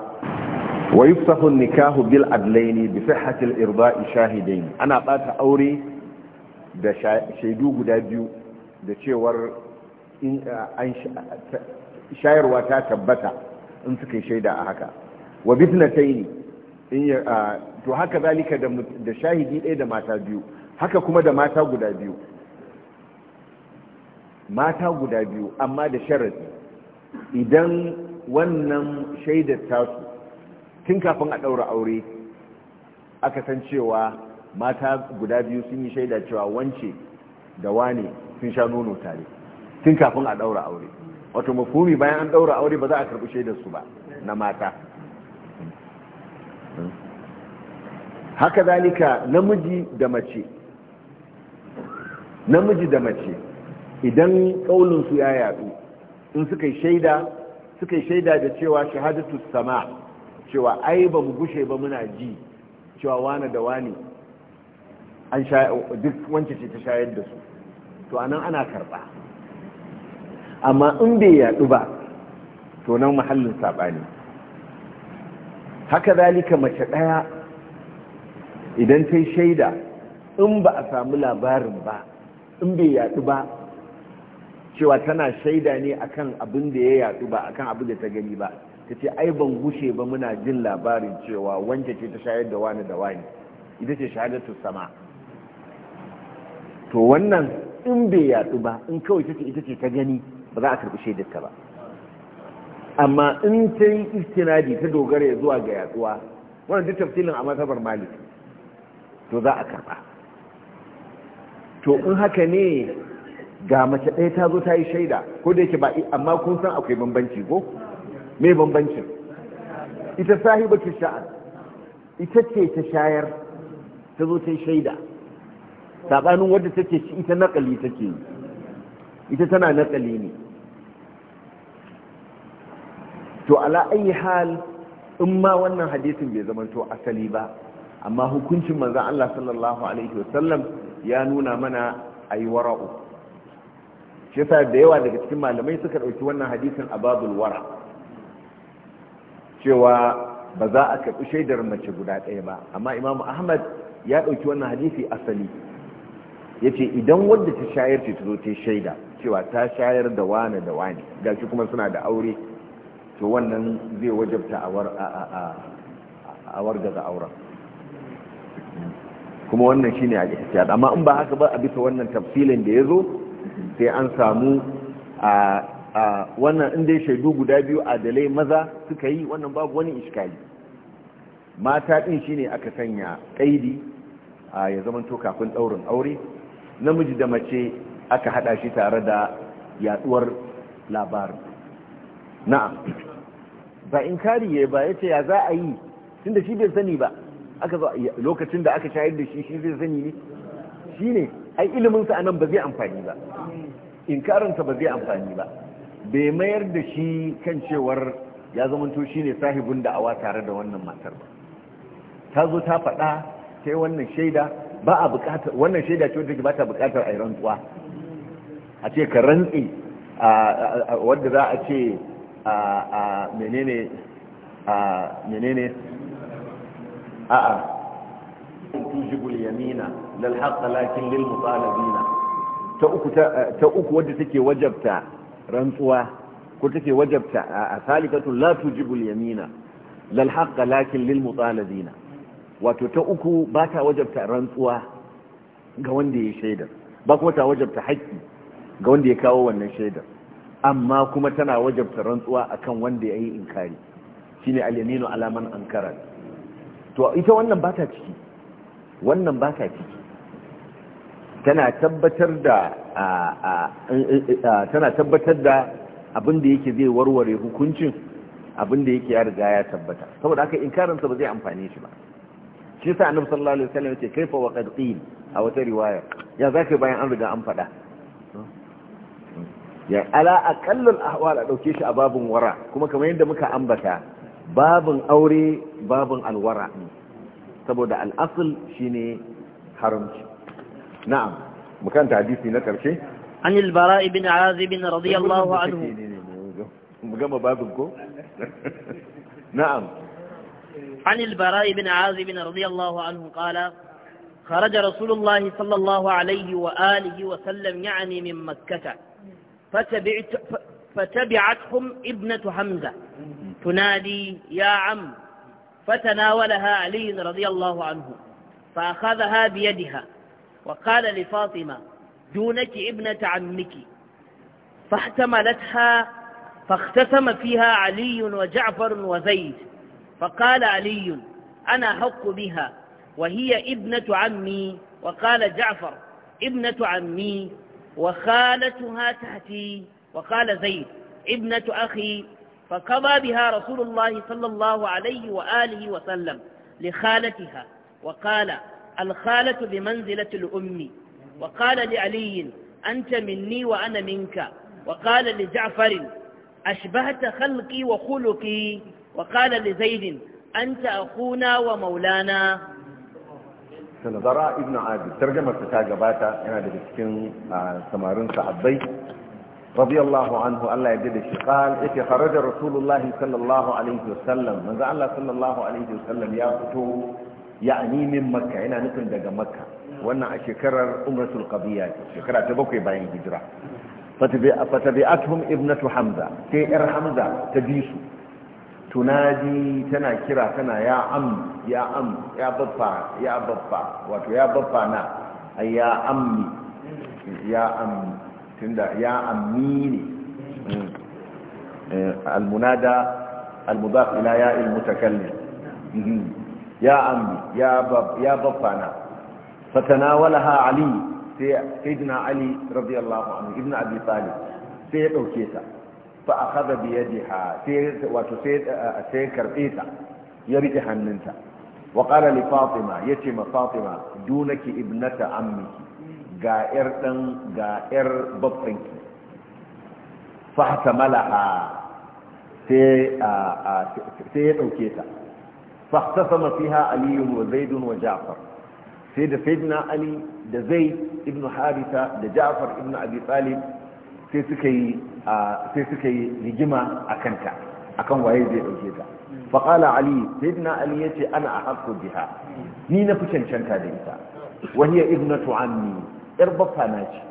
wa yufsahu nikahu bil adlaini bi sihhati al irda'i shahidain ana bata aure da shaidu guda biyu da cewar shayarwa ta tabbata in suka shaida a haka wa bitnataini in to haka zalika da shahidi ɗaya da mata biyu haka kuma da mata guda biyu mata guda biyu amma da sharadi idan wannan shaidar tasu tun kafin a ɗaura aure aka san cewa mata guda biyu sun yi shaida cewa wance da wane sun sha nono tare tun kafin a ɗaura aure wato mafumi bayan an ɗaura aure ba za a karbi shaidar su ba na mata haka zalika namiji da mace namiji da mace idan kaulin ya yadu in suka yi shaida suka shaida da cewa shahadatu sama cewa ai ba mu gushe ba muna ji cewa wane da wane an duk wancan ce ta shayar da su to anan ana karba amma in bai yadu ba to nan mahallin sabani haka zalika mace daya idan ta shaida in ba a samu labarin ba in bai yadu ba cewa tana shaida ne akan abin da ya yadu ba akan abin da ta gani ba ta ce ai ban gushe ba muna jin labarin cewa wancan ce ta shayar da wani da wani ita ce shahadatu sama' to wannan in bai yadu ba in kawai take ita ce ta gani ba za a karbi shaidar ta ba amma in ta yi istinadi ta dogara ya zuwa ga yaduwa wannan duk tafsilin a mazhabar malik to za a karba to in haka ne ga mace ɗaya ta zo ta yi shaida ko da yake ba amma kun san akwai bambanci ko me bambancin ita sahibatu sha'an ita ce ta shayar ta zo ta yi shaida saɓanin wadda take shi ita nakali take yi ita tana ne to ala ayi hal in ma wannan hadisin bai zama to asali ba amma hukuncin manzo Allah sallallahu alaihi wasallam ya nuna mana ayi wara'u shi da yawa daga cikin malamai suka ɗauki wannan hadisin a babul wara cewa ba za a karɓi shaidar mace guda ɗaya ba amma imamu ahmad ya ɗauki wannan hadisi asali ya ce idan wanda ta shayar ce ta zo ta shaida cewa ta shayar da wane da wane ga shi kuma suna da aure to wannan zai wajabta a wargaza auren kuma wannan shi ne a ihtiyar amma in ba haka ba a bisa wannan tafsilin da ya zo sai an samu a wannan inda ya shaidu guda biyu a adalai maza suka yi wannan babu wani iskali mata ɗin shine aka sanya ƙaidi ya zama to kafin ɗaurin aure namiji da mace aka hada shi tare da yaduwar labarin na'am ba in kariye ba yace ya za a yi tunda shi bai sani ba aka zo lokacin da aka shayar da shi shi zai sani ne ne ai ilimin sa anan ba zai amfani ba In karanta ba zai amfani ba bai mayar da shi kan cewar ya zamanto shine sahibin awa tare da wannan matar ba ta zo ta faɗa ta yi wannan shaida ba a bukatar wannan shaida ce wadda ba ta bukatar a yi rantsuwa a ce ka rantsi wadda za a ce a menene a menene a a tujibul yamina lal haqqa lakin lil mutalabina ta uku ta uku wadda take wajabta rantsuwa ko take wajabta a salikatu la tujibul yamina lal haqqa lakin lil mutalabina wato ta uku ba ta wajabta rantsuwa ga wanda ya shaidar ba kuma ta wajabta haƙƙi ga wanda ya kawo wannan shaidar amma kuma tana wajabta rantsuwa akan wanda ya yi inkari Shi ne yaminu alaman an ankara to ita wannan ba ta ciki wannan ba ta ciki tana tabbatar da tana tabbatar da abin da yake zai warware hukuncin abin da yake ya riga ya tabbata saboda haka inkarinsa ba zai amfane shi ba shi sa annabi sallallahu alaihi wasallam yace kaifa wa qad qil a wata riwaya ya zaka bayan an riga an faɗa ya ala aqallul ahwal a dauke shi a babun wara kuma kamar yadda muka ambata babun aure babun alwara saboda al'asul shine haramci na'am mukan ta hadisi na karshe an al-bara ibn azib radiyallahu anhu mu gama babun ko na'am عن البراء بن عازب رضي الله عنه قال خرج رسول الله صلى الله عليه وآله وسلم يعني من مكة فتبعت فتبعتهم ابنة حمزة تنادي يا عم فتناولها علي رضي الله عنه فأخذها بيدها وقال لفاطمة دونك ابنة عمك فاحتملتها فاختسم فيها علي وجعفر وزيد فقال علي أنا حق بها وهي ابنة عمي وقال جعفر ابنة عمي وخالتها تحتي وقال زيد ابنة أخي فقضى بها رسول الله صلى الله عليه وآله وسلم لخالتها وقال الخالة بمنزلة الأم وقال لعلي أنت مني وأنا منك وقال لجعفر أشبهت خلقي وخلقي وقال لزيد أنت أخونا ومولانا Zara ibn Abi tarjamarsa ta gabata yana da cikin ah, samarin sahabbai radiyallahu anhu Allah ya dade shi qal yake kharaja rasulullahi sallallahu alaihi wasallam manzo Allah sallallahu alaihi wasallam ya fito ya'ani min makka yana nufin daga makka wannan a shekarar umratul qadiyya shekara ta bakwai bayan hijira fatabi'atuhum ibnatu hamza sai yar hamza ta bi su tunadi tana kira tana ya am ya am ya baffa ya baffa wato ya baffa na ai ya ammi ya ammi tunda ya ammi ne almunada almudaf ila ya almutakallim ya ammi ya bab ya baffa na fatanawalaha ali sai sayyidina ali radiyallahu anhu ibnu abi talib sai ya dauke ta fa akhadha bi yadiha sai wato sai eh, sai karbe ta ya riƙe hannunta wa qala li fatima ce ma fatima dunaki ibnata ammiki ga yar ɗan ga yar babbanki fa tamalaha eh, eh, sai ya ɗauke ta fa ihtasama fiha ali wa Zaidun wa ja'far sai da sayyidina ali da Zai, ibn haritha da ja'far ibn abi talib sai suka yi sai suka yi rigima a kanta a kan waye zai dauke ta faƙala ali dina ali ya ce ana a haƙƙo biha ni na fi cancanta da ita Wani wahiyya ibnatu ammi yar baffa na ce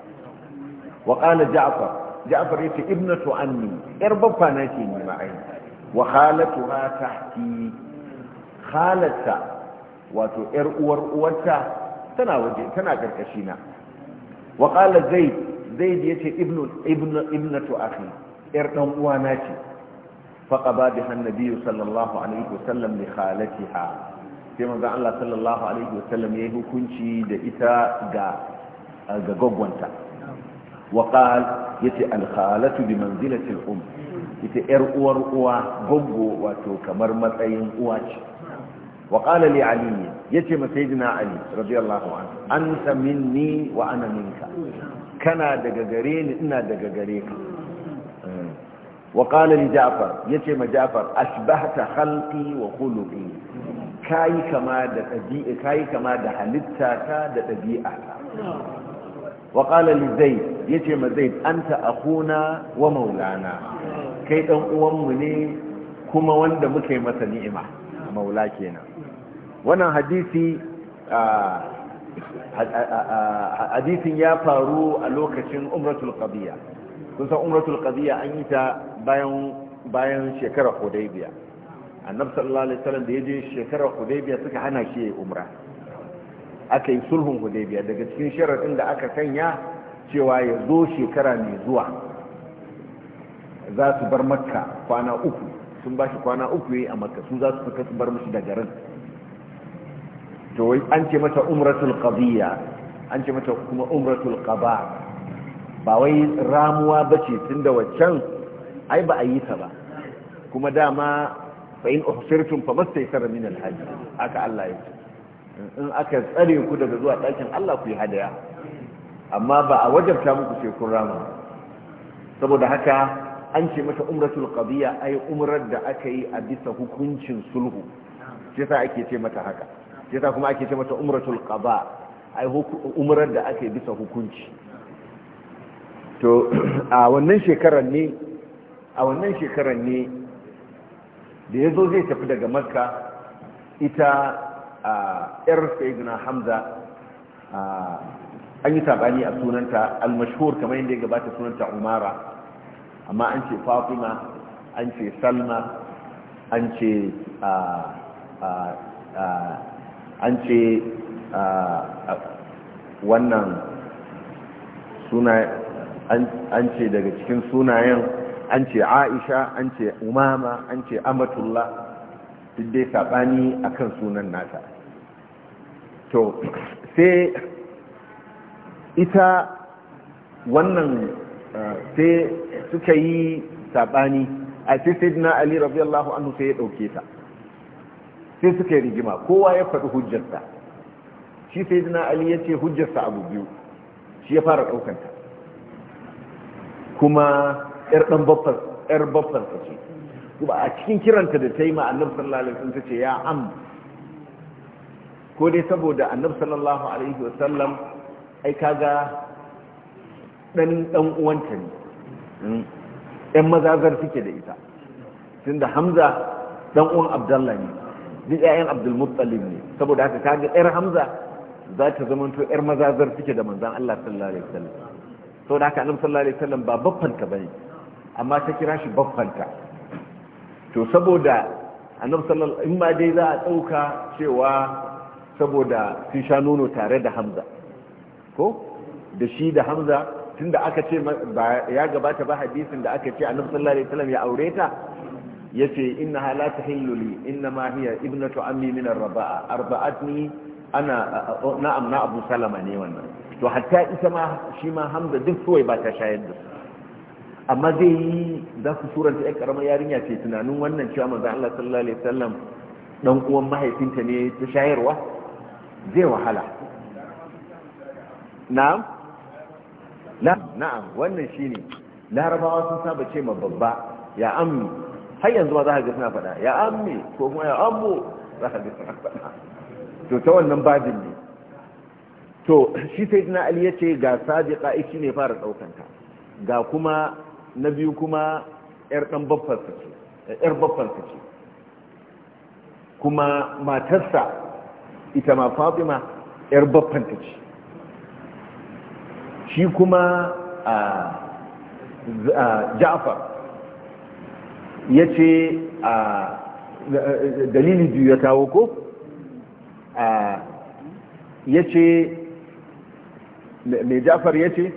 waƙala ja'far ja'far ya ce ibnatu ammi yar baffa na ce ni ma aini wa ta tahti khalata wato yar uwar uwarta tana waje tana karkashi na waƙala zai. zaid ya ce ibnu ibnatu akhi yar dan uwana ce faqaba biha annabi sallallahu alaihi wasallam li khalatiha sai manzo Allah sallallahu alaihi wasallam yi hukunci da ita ga ga gogwanta ya ce yace al khalatu bi manzilati al um ita yar uwar uwa goggo wato kamar matsayin uwa ce wa qala li yace ma sayyidina ali radiyallahu an an samin ni wa ana minka kana daga gare ni ina daga gare ka eh. wa qala li ja'far yace ma ja'far asbahta halki wa khuluqi kayi kama da halitta ta da ɗabi'a da tabi'ata wa qala li zaid yace ma zaid anta akhuna wa maulana kai dan uwan mu ne kuma wanda muke masa ni'ima maula kenan wannan hadisi hadisin ya faru a lokacin umratul qadiyya kun san umratul qadiyya an yi ta bayan bayan shekarar hudaybiya annab sallallahu alaihi wasallam da yaje shekarar hudaybiya suka hana shi umra aka yi sulhun hudaybiya daga cikin sharadin da aka sanya cewa ya zo shekara mai zuwa za su bar makka kwana uku sun ba shi kwana uku yi a makka su za su fita su bar musu da garin to an ce mata umratul qadiyya an ce mata kuma umratul ba wai ramuwa bace tunda waccan ai ba a yi ta ba kuma dama fa in uhsirtum famastaysara min alhajj aka Allah ya in aka tsare ku daga zuwa dakin Allah ku yi hadaya amma ba a wajabta muku sai kun rama saboda haka an ce mata umratul qadiyya ai umrar da aka yi a bisa hukuncin sulhu sai sa ake ce mata haka shi ta kuma ake ce mata umratul qada ai umrar da ake bisa hukunci to a wannan shekarar ne a wannan shekarar ne da yazo zai tafi daga makka ita a yar sayyidina hamza an yi sabani a sunanta al-mashhur kamar yadda ya gabata sunanta umara amma an ce fatima an ce salma an ce an ce wannan suna an ce daga cikin sunayen an ce aisha an ce umama an ce amatullah duk dai saɓani a kan sunan nata to sai ita wannan sai suka yi saɓani a sai sai ali yallahu anhu sai ya ɗauke ta sai suka yi rigima kowa ya faɗi hujjarsa shi sai zina ali ya ce hujjarsa abu biyu shi ya fara ɗaukanta kuma yar ɗan ta ce kuma a cikin kiranta da ta yi ma annab sallallahu alaihi wasallam ta ce ya am ko dai saboda annabi sallallahu alaihi wasallam ai kaga ɗan ɗan uwanta ne ‘yan hmm. mazazar suke da ita tun da hamza ɗan uwan abdallah ne duk ƴaƴan abdul muttalib ne saboda haka kaga 'yar hamza za ta zama to ƴar mazazar suke da manzon Allah sallallahu alaihi wasallam saboda haka annabi sallallahu alaihi wasallam ba baffanta bane amma ta kira shi baffanta to saboda annabi sallallahu in ma dai za a dauka cewa saboda sun sha nono tare da hamza ko da shi da hamza tunda aka ce ya gabata ba hadisin da aka ce annabi sallallahu alaihi wasallam ya aure ta yace innaha la tahillu li innama hiya ibnatu ammi min ar-raba'a arba'atni ana na'am na Abu Salama ne wannan to hatta ita ma shi ma Hamza duk kawai ba ta shayar da su amma zai yi za su suranta ta karama yarinya ce tunanin wannan cewa manzo Allah sallallahu alaihi wasallam dan uwan mahaifinta ne ta shayarwa zai wahala na'am na'am wannan shine larabawa sun saba ce ma babba ya ammi har yanzu ba za ka ga suna faɗa ya amme ko kuma ya ammo za ka ga suna faɗa to ta wannan babin ne to shi sai dina ali ya ce ga sadiqa shi ne fara ɗaukanta ga kuma na biyu kuma yar ɗan babbansa ce yar babbansa ce kuma matarsa ita ma fatima yar babbanta ce shi kuma a ja'far ya ce dalilin dalili biyu ya kawo ko ya ce mai jafar ya ce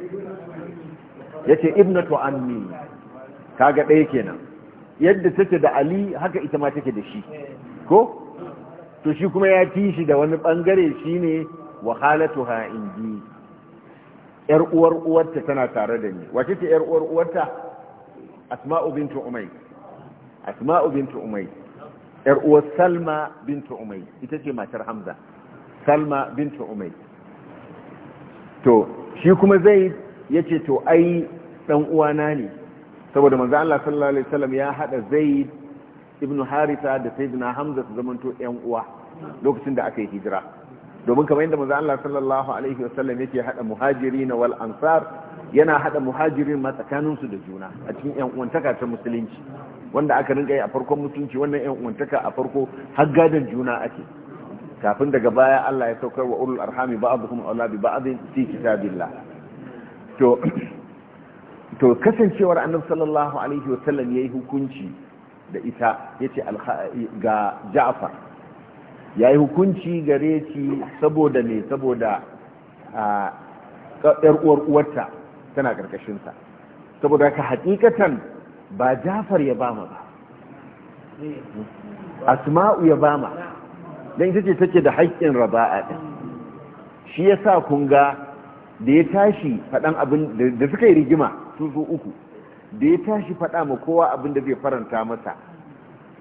ya ce ibnatu anni kaga ɗaya kenan yadda take da ali haka ita ma take da shi ko to shi kuma ya fi shi da wani ɓangare shi ne ha inji ‘yar uwar uwarta tana tare da ni wace ce ‘yar uwar uwarta asma'u bintu umayk asma'u bintu umay yar uwar salma bintu umay ita ce matar hamza salma bintu umay to shi kuma zaid yace to ai ɗan uwana ne saboda manzo Allah sallallahu alaihi wasallam ya haɗa zaid ibnu harisa da sayyidina hamza su zamanto yan uwa lokacin da aka yi hijira domin kamar yadda manzo Allah sallallahu alaihi wasallam yake muhajiri na wal ansar yana hada muhajirin ma tsakaninsu da juna a cikin yan uwantaka ta musulunci wanda aka rinka yi a farkon musulunci wannan yan uwantaka a farko har gadan juna ake kafin daga baya Allah ya saukar wa ulul arhami ba'dhum aula bi ba'd fi kitabillah to to kasancewar annabi sallallahu alaihi wa sallam yayi hukunci da ita yace ga Ja'far yayi hukunci gare shi saboda ne saboda a uwar uwarta tana ƙarƙashinsa saboda ka hakikatan ba jafar ya ba ba asma'u ya ba ma don ita ce take da haƙƙin raba'a ɗin shi ya sa ga da ya tashi faɗan abin da suka yi rigima sun zo uku da ya tashi faɗa ma kowa abin da zai faranta masa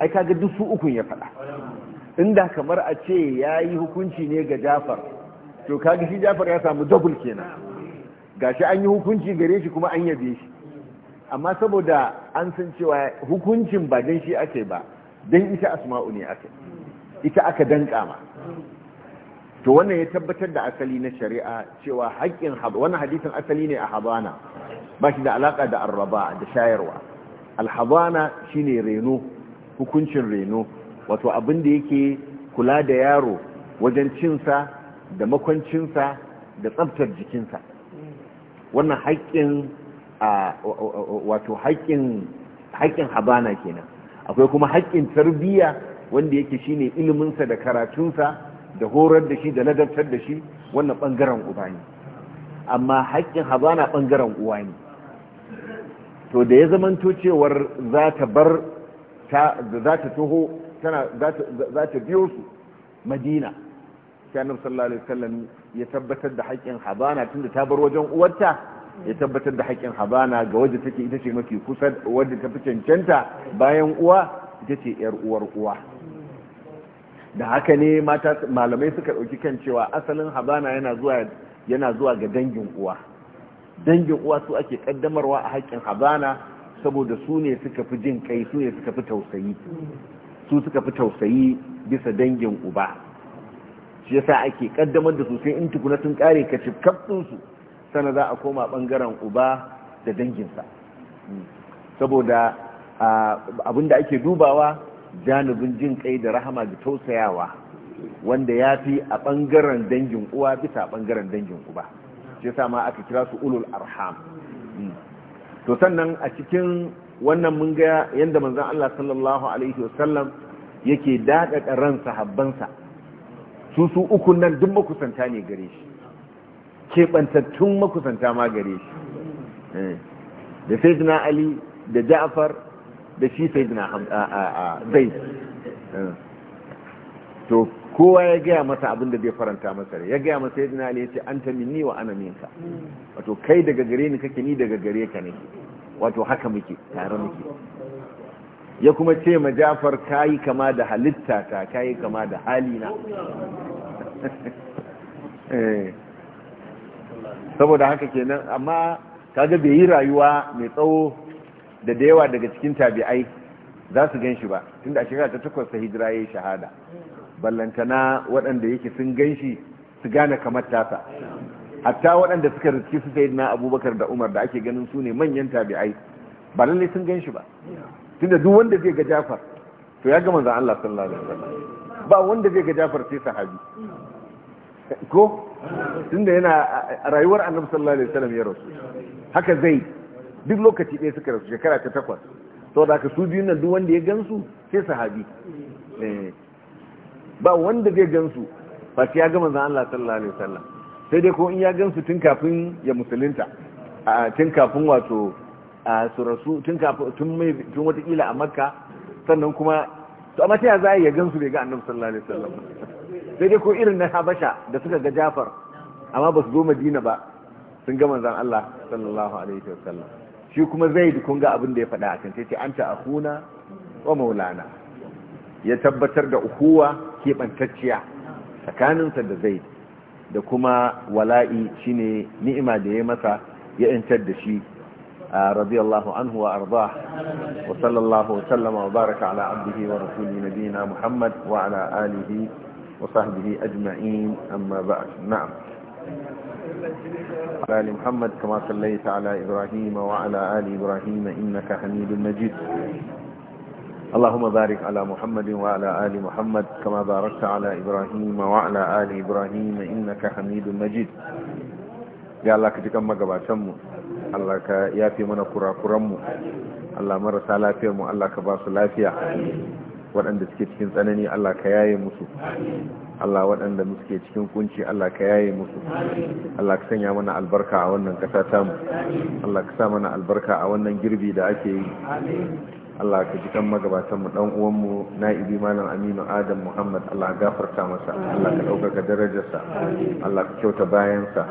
ai kaga duk su ukun ya faɗa inda kamar a ce ya yi hukunci ne ga jafar to kaga shi jafar ya samu double kenan gashi an yi hukunci gare shi kuma an yabe shi amma saboda an san cewa hukuncin ba dan shi ake ba dan ita asma'u ne ake ita aka danka ma to wannan ya tabbatar da asali na shari'a cewa haƙƙin wannan hadisin asali ne a habana ba shi da alaka da arraba da shayarwa alhabana shine reno hukuncin reno wato abin da yake kula da yaro wajen cinsa da makwancinsa da tsabtar jikinsa wannan haƙƙin wato haƙƙin habana kenan akwai kuma haƙƙin tarbiyya wanda yake shine iliminsa da karatunsa da horar da shi da ladabtar da shi wannan ɓangaren uba ne amma haƙƙin habana ɓangaren uwa ne to da ya zamanto cewar za ta bar za ta taho za ta biyo su madina sai annabi sallallahu alaihi wasallam ya tabbatar da haƙƙin habana tunda ta bar wajen uwarta ya tabbatar da haƙƙin habana ga wadda take ita ce mafi kusa wadda ta fi cancanta bayan uwa ita ce yar uwar uwa da haka ne mata malamai suka ɗauki kan cewa asalin habana yana zuwa yana zuwa ga dangin uwa dangin uwa su ake kaddamarwa a haƙƙin habana saboda su ne suka fi jin kai su ne suka fi tausayi su suka fi tausayi bisa dangin uba shi sa ake kaddamar da su sai in tukuna sun kare ka ci su sana za a koma bangaren uba da danginsa hmm. saboda da ake dubawa janibin jin kai da rahama da tausayawa wanda ya fi a bangaren dangin uwa bisa bangaren dangin uba shi sa ma aka kira su ulul arham hmm. to sannan a cikin wannan mun ga yadda manzan Allah sallallahu alaihi wasallam yake daɗaɗa ran sahabbansa su su ukun nan duk makusanta ne gare shi keɓantattun makusanta ma gare shi eh, da saidina ali da ja'far da shi sayyidina zai eh, to kowa ya gaya masa abin da zai faranta masa ya gaya masa saidina ali ya ce an ta minni wa ana minka wato kai daga gare ni kake ni daga gare ka ne wato haka muke tare muke ya kuma ce ma jafar kayi kama da halitta ta kayi kama da halina eh. saboda haka kenan amma kaga bai yi rayuwa mai tsawo da da daga cikin tabi'ai za su gan shi ba tunda a shekara ta takwas ta hijira ya yi shahada ballantana waɗanda yake sun gan shi su gane kamar tasa hatta waɗanda suka rikici su sayi na abubakar da umar da ake ganin su ne manyan tabi'ai ba lallai sun gan shi ba tunda duk wanda zai ga Jafar to ya ga manzon Allah sallallahu alaihi wasallam ba wanda zai ga Jafar sai sahabi ko tunda yana rayuwar Annabi sallallahu alaihi wasallam ya rasu haka zai duk lokaci ɗaya suka rasu shekara ta takwas to da ka su biyu nan duk wanda ya gansu sai sahabi eh. ba wanda zai gansu ba sai ya ga manzon Allah sallallahu alaihi wasallam sai dai ko in ya gansu tun kafin ya musulunta a tun kafin wato su rasu tun watakila a makka sannan kuma to amma ta za a ya gansu bai ga annabu sallallahu alaihi wasallam sai dai ko irin na habasha da suka ga jafar amma ba su zo madina ba sun ga zan allah sallallahu alaihi wasallam shi kuma zai kun ga abin da ya faɗa a kan ce an ta akuna wa maulana ya tabbatar da uhuwa keɓantacciya tsakaninsa da zai da kuma wala'i shine ni'ima da ya masa ya 'yantar da shi آه، رضي الله عنه وأرضاه وصلى الله وسلم وبارك على عبده ورسوله نبينا محمد وعلى آله وصحبه أجمعين أما بعد نعم على آل محمد كما صليت على إبراهيم وعلى آل إبراهيم إنك حميد مجيد اللهم بارك على محمد وعلى آل محمد كما باركت على إبراهيم وعلى آل إبراهيم إنك حميد مجيد يا الله كتكم مقبع شمو Allah ka yafe mana kurakuranmu Allah marasa lafiyarmu Allah ka ba su lafiya waɗanda suke cikin tsanani Allah ka yaye musu Allah waɗanda suke cikin kunci Allah ka yaye musu Allah ka sanya mana albarka a wannan ƙasa tamu Allah ka sa mana albarka a wannan girbi da ake yi Allah ka ji kan magabatan mu dan uwan mu na'ibi malam Aminu Adam Muhammad Allah ya gafarta masa Allah ka dauka darajarsa Allah ka kyauta bayansa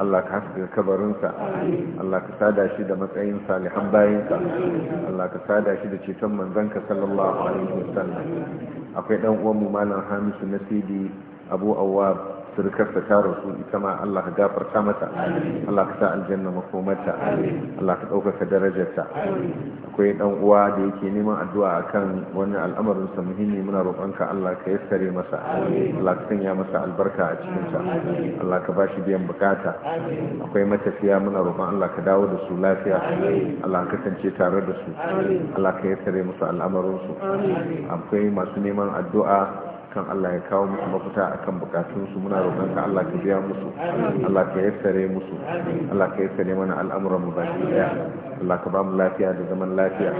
Allah ka haska kabarinsa Allah ka sada shi da matsayin salihan bayinsa Allah ka sada shi da ceton manzanka sallallahu alaihi wasallam akwai dan uwan mu malam Hamisu Nasidi Abu Awwab surkarsa ta rasu ita ma Allah ka gafarta mata Allah ka sa aljanna makomarta Allah ka ɗaukaka darajarta akwai dan uwa da yake neman addu'a akan wani al'amarin sa muhimmi muna roƙonka Allah ka yassare masa Allah ka sanya masa albarka a cikin sa Allah ka bashi biyan bukata akwai matafiya muna roƙon Allah ka dawo da su lafiya Allah ka kasance tare da su Allah ka yassare musu al'amarin su akwai masu neman addu'a kan Allah ya kawo musu mafita akan bukatunsu muna roƙon ka Allah ka biya musu Allah ka yassare musu Allah ka yassare mana al'amuran mu baki daya Allah ka ba mu lafiya da zaman lafiya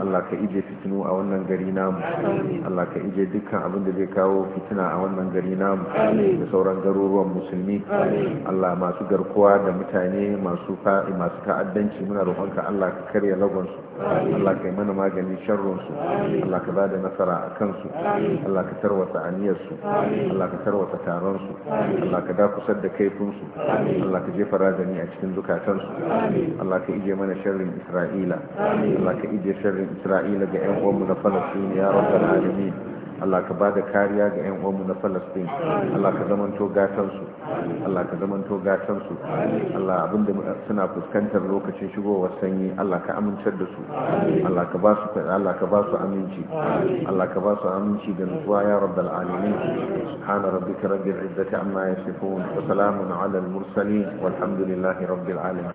Allah ka ije fitinu a wannan gari namu Allah ka ije dukkan abin da zai kawo fitina a wannan gari namu da sauran garuruwan musulmi Allah masu garkuwa da mutane masu fa'i masu ta'addanci muna roƙon ka Allah ka karya lagon su Allah ka yi mana maganin sharrunsu Allah ka ba da nasara a kansu Allah ka tarwa tarwata aniyarsu Allah ka tarwata taronsu Allah ka dakusar da kaifinsu Allah ka jefa razani a cikin zukatansu Allah ka ije mana sharrin Isra'ila Allah ka ije sharrin Isra'ila ga 'yan uwanmu na Falastin ya rabbal alamin Allah ka ba da kariya ga 'yan uwanmu na Falastin. Allah ka zamanto gatan su Allah ka zamanto gatan su Allah abinda suna fuskantar lokacin shigowar sanyi Allah ka amincar da su Allah ka ba su aminci Allah ka ba su aminci da nutsuwa ya rabbal alamin subhana rabbika rabbil izzati amma yasifun wa salamun ala al mursalin walhamdulillahi rabbil alamin